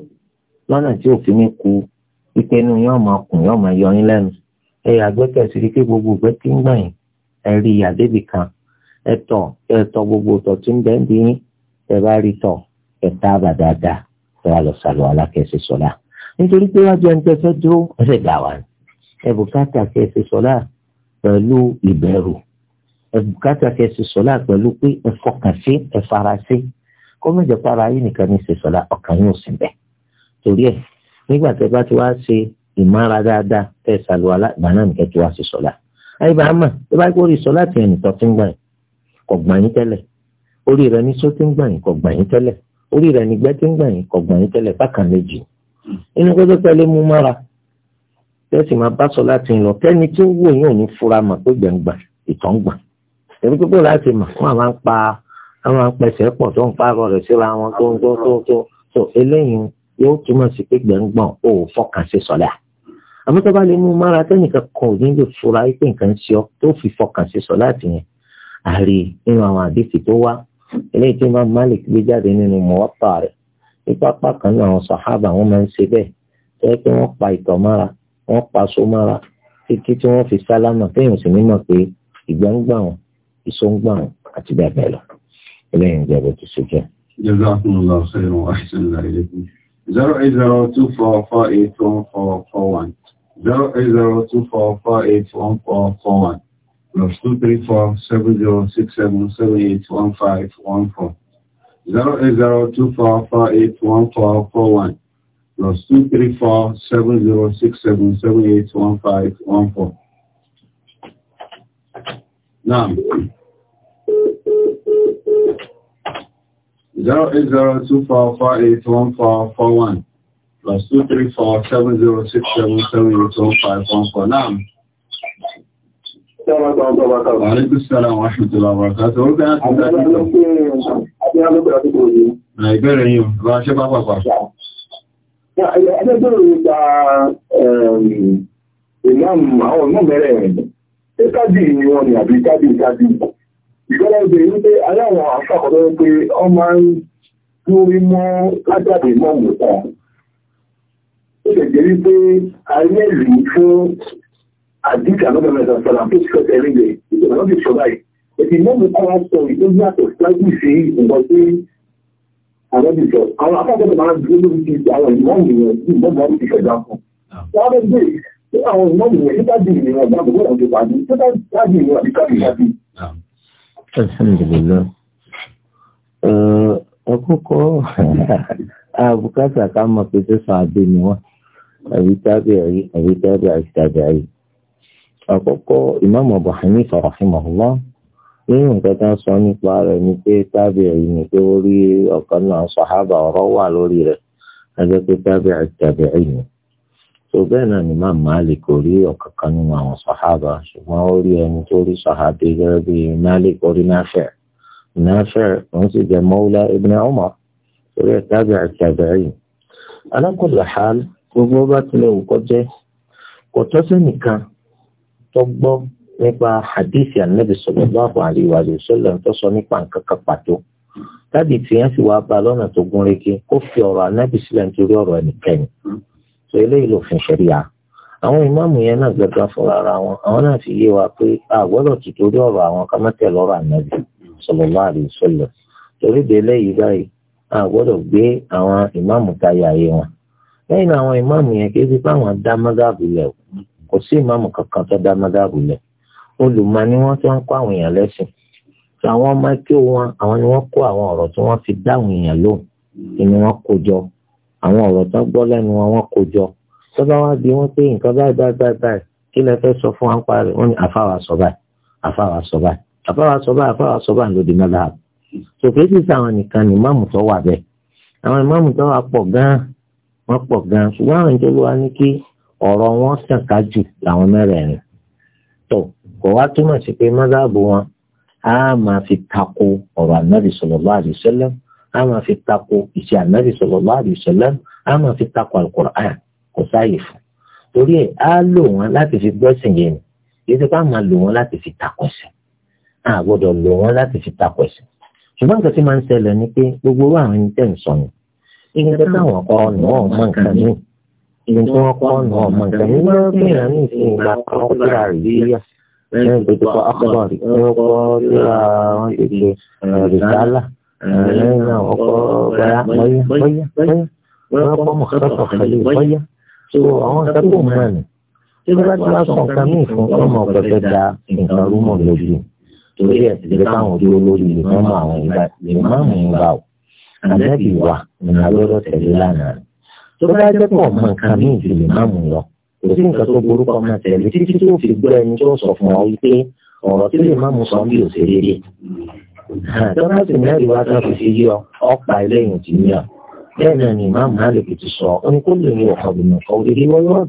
lọ́nà tí òfin mi ku pípé inú yóò máa kùn yóò máa yọyín lẹ́nu ẹ̀yà gbẹ́ kẹ̀sì rí pé gbogbo ìgbẹ́ tí ń gbà yìí ẹ̀ rí ìyà débi kan ẹ̀tọ̀ ẹ̀tọ̀ gbogbo ìtọ̀ tí ń bẹ́ ń bí yín ẹ̀ bá rí tọ̀ ẹ̀ta àbàdàdà ẹ̀ wà lọ sàlọ̀ alákẹ́sì ẹ̀bùkátà kẹsì sọ́lá pẹ̀lú pé ẹ̀fọkànsí ẹ̀farasí kó mẹ́jọ para yín nìkan ní ṣe sọ́lá ọkàn yóò sì bẹ̀. torí ẹ̀ nígbà tẹ́ bá ti wá ṣe ìmára dáadáa tẹ́ ṣàlùwàlá ìgbà náà nìkan ti wá ṣe sọ́lá. àyíbá àmà tó bá gbórí sọ́lá tiẹ̀ nìkan ti ń gbà yín kò gbà yín tẹ́lẹ̀ orí rẹ̀ ní só ti ń gbà yín kò gbà yín tẹ́lẹ̀ orí rẹ̀ nígbẹ́ ti ń gbà yín kò gbà yín tẹ́lẹ̀ bákan méjì inú kó tó pẹ́lẹ́ mú mára tẹ́sí máa bá sọ́lá ti ń lọ kẹ́ni tí ń wò yín ò fura mà pé gbẹ̀ngbà ìtàn èmi pípò láti mọ̀ wọ́n máa ń pa wọ́n máa ń pẹsẹ̀ pọ̀ tó ń pààrọ̀ rẹ̀ síra wọn tó ń tó tó tó tó eléyìí yóò túmọ̀ sí pé gbẹ̀ngbọ̀n ò fọkàn sí sọ̀lá àmọ́ tó bá lè mú mára tẹ́nìkan kan ò ní lè fura pé nǹkan ṣe ọ tó fi fọkàn sí sọ̀lá tìyẹn àrí nínú àwọn àdìsí tó wá eléyìí tí wọ́n máa lè gbé jáde nínú mọ́tà rẹ̀ nípa pàkan náà àwọn sàhábà wọn máa ń ṣe bẹ́ẹ̀ tó yẹ wọ́n pa ìtọ̀ ìsóngbọ̀n àti bẹ́ẹ̀ bẹ́ẹ̀ lọ eléyìí ń jẹ́ bó ti ṣe jẹ́. jazakumullahu khairan wa ahsanallahu ilaykum plus two three four seven zero six seven seven eight one five one four zero Zero zero eight eight two four four four one one plus two three four seven zero six 2347067781514. Naam. Àríkú sára wọn ṣùtùlọ àwọ̀rọ̀kátà ó gbáyà tó dájú lọ. Na ìbẹ̀rẹ̀ yìí, bá ṣe bá pàpà. Ẹgbẹ́gbẹ̀rẹ̀ ìgbà ìlànà àwọn mẹ́rẹ̀ ẹ̀rẹ̀. Ṣé kájì ni wọ́n ni àbí kájì kájì? ìgbẹ́lẹ̀ ìgbẹ́ ní pé aláwọ̀ àkọ́kọ́ pé ọ máa ń lórí mọ́ látàdé mọ́ mùtàn ó lè jẹ́ wípé ayé rí fún àdíkà lọ́dọ̀ mẹ́ta sọ̀rọ̀ tó ṣe kọ́tẹ̀ rí rẹ̀ ìjọba lọ́dọ̀ ìṣọ̀bá yìí èdè mọ́mù kan wá sọ ìlú yàtọ̀ síwájú sí nǹkan tí àwọn ìṣọ̀ àwọn akọ́kọ́ máa ń dúró lórí ti àwọn nípa dì ìrìn àwọn ìṣọ̀ tó bá dì ìrìn àbíkà alhamdulilayi ọkọkọ àbùkátà ká mọ̀ pé sẹsàn abẹ ni wọn àbí tábì àyè àbí tábì àti tábì àyè àkọ́kọ́ ìmáàmù Abu Hanifa rahimahullah nínú nǹkan tá a sọ nípa rẹ̀ ni pé tábì àyè ni pé ó rí ọ̀kan náà sàhábà ọ̀rọ̀ wà lórí rẹ̀ ẹgbẹ́ pé tábì àti tábì àyè ni tó bẹ́ẹ̀ náà ni máa Malik kò rí ọ̀kankan nínú àwọn sàhábà ṣùgbọ́n ó rí ẹni tó rí sàhábì gẹ́gẹ́ bí Malik kò rí Nafi' Nafi' òun sì jẹ́ Mawla Ibn Umar torí ẹ̀ tabi'i tabi'in. Ala kulli hal gbogbo bá tilẹ̀ wù kọjẹ́ kò tọ́ sẹ́nìkan tó gbọ́ nípa hadithi anabi sallallahu alaihi wa sallam tó sọ nípa nǹkan kan pàtó tábìtì yẹn sì wá ba lọ́nà tó gúnrégé kó fi ọ̀rọ̀ anabi sílẹ̀ nítorí ọ̀rọ̀ so eléyìí lòfin ṣẹ̀ríà àwọn ìmáàmù yẹn náà gbẹdúrà fúnra ara wọn àwọn náà fi yé wa pé a gbọ́dọ̀ tì torí ọ̀rọ̀ àwọn ká má tẹ̀lé ọ̀rọ̀ ànábì sallallahu alaihi wasallam torí de eléyìí báyìí a gbọ́dọ̀ gbé àwọn ìmáàmù táyà ayé wọn lẹ́yìn àwọn ìmáàmù yẹn kí wípé àwọn dá mọ́gàbù lẹ̀ kò sí ìmáàmù kankan tó dá mọ́gàbù lẹ̀ olùmọ̀ ni wọ́n tó ń kọ́ àwọn èèyàn lẹ́sìn àwọn ọmọ ẹgbẹ́ wọn àwọn ni wọ́n kó àwọn ọ̀rọ̀ tí wọ́n fi dáhùn èèyàn lóhùn àwọn ọ̀rọ̀ tán gbọ́ lẹ́nu àwọn kò jọ tó bá wá bí wọ́n pé nǹkan báyìí báyìí báyìí kí lẹ fẹ́ sọ fún wa ń parí wọ́n ní àfáwà sọ báyìí àfáwà sọ báyìí àfáwà sọ báyìí àfáwà sọ báyìí ló di mẹ́ta sòkè sì sàwọn nìkan ní máàmù tó wà bẹ́ẹ̀ àwọn ìmáàmù tó wà pọ̀ gan-an wọ́n pọ̀ gan-an ṣùgbọ́n àwọn ìjọba wa ní kí ọ̀rọ̀ wọn sàn ká jù làwọn mẹ́rẹ̀ẹ̀rin tó kò wá túmọ̀ sí pé mọ́sáàbù wọn á máa fi tako ọ̀rọ̀ ànábì sallallahu alaihi wasallam a máa fi tako ìṣe ànábì sallallahu alaihi wasallam a máa fi tako alukur'an kò sáàyè fún torí ẹ̀ á lò wọ́n láti fi gbọ́sìn yẹn ni kì í ṣe pé máa lò wọ́n láti fi tako ẹ̀sìn a gbọ́dọ̀ lò wọ́n láti fi tako ẹ̀sìn ṣùgbọ́n nǹkan tí máa ń ṣẹlẹ̀ ni pé gbogbo owó àwọn ẹni tẹ̀ ń sọ ni ìgbà táwọn ọkọ ọ̀nà ọ̀mọ nǹkan mìíràn ìgbà tí wọ́n kọ́ ọ̀nà ọ̀mọ nǹkan mìíràn mìíràn ní lẹ́yìn tó ti kọ́ akọ́bọ̀rì wọ́n kọ́ síra wọn ti ليلى وقال ضيع ضيع ضيع wọ́n mọ̀kátà kàlí bọ́yá tó àwọn sábò máa nì. tí wọ́n bá ti wá sọ nǹkan míì fún ọmọ ọ̀pẹ̀pẹ̀ da nǹkan rúmọ̀ lójú torí ẹ̀ ti káwọn ojú olórí ìmọ̀mọ̀ àwọn ìgbà ìmọ̀mọ̀ ìgbà ò ànábì wà nínú alọ́dọ̀ tẹ̀lé lánàá. tó bá jẹ́ pọ̀ mọ nǹkan míì ju ìmọ̀mọ̀ lọ kò ọ̀rọ̀ tí lè má mú sọ bí òṣèré tọ́lá sì mẹ́rin wá tán fi fi yí ọ ọ̀pá ẹlẹ́yìn tì ní ọ bẹ́ẹ̀ náà ni ìmáàmù Malik ti sọ ọ́n kó lè ní ọ̀kọ̀ bìnnà kọ́ òdìdí wọ́yọ́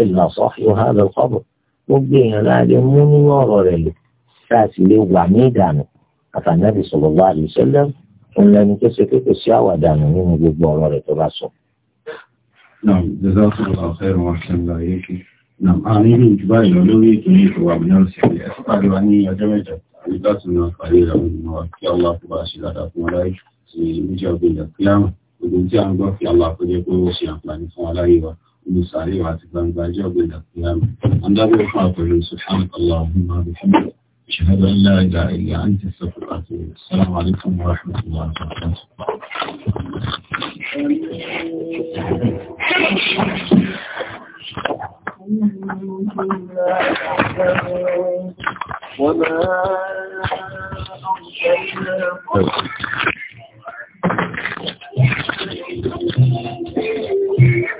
ìlà sọ́fì ọ̀hánà kọ́bọ̀ gbogbo èèyàn láàrin mú nínú ọ̀rọ̀ rẹ̀ lò tá a sì lè wà ní ìdànù àfànàbì sallallahu alaihi wasallam òun lẹni tó ṣe pé kò sí àwàdànù nínú gbogbo ọ̀rọ̀ rẹ̀ tó bá sọ. Naam, jazakallahu khairan èyí tó ti máa pàdé ìyàwó ìmọ̀ kí Allah kó bá ṣe dáadáa fún aláì ti níjẹ́ ọgbẹ́ ilẹ̀ kíláàmù gbogbo tí a ń gbọ́ kí Allah kó jẹ́ pé ó ṣe àǹfààní fún aláì wa olùsàárè wa àti gbangba ẹjẹ́ ọgbẹ́ ilẹ̀ kíláàmù andábọ̀ fún àpẹẹrẹ subhanahu wa ta'ala أشهد أن لا إله إلا أنت استغفرك السلام عليكم ورحمة الله وبركاته وما أرسلنا قبلك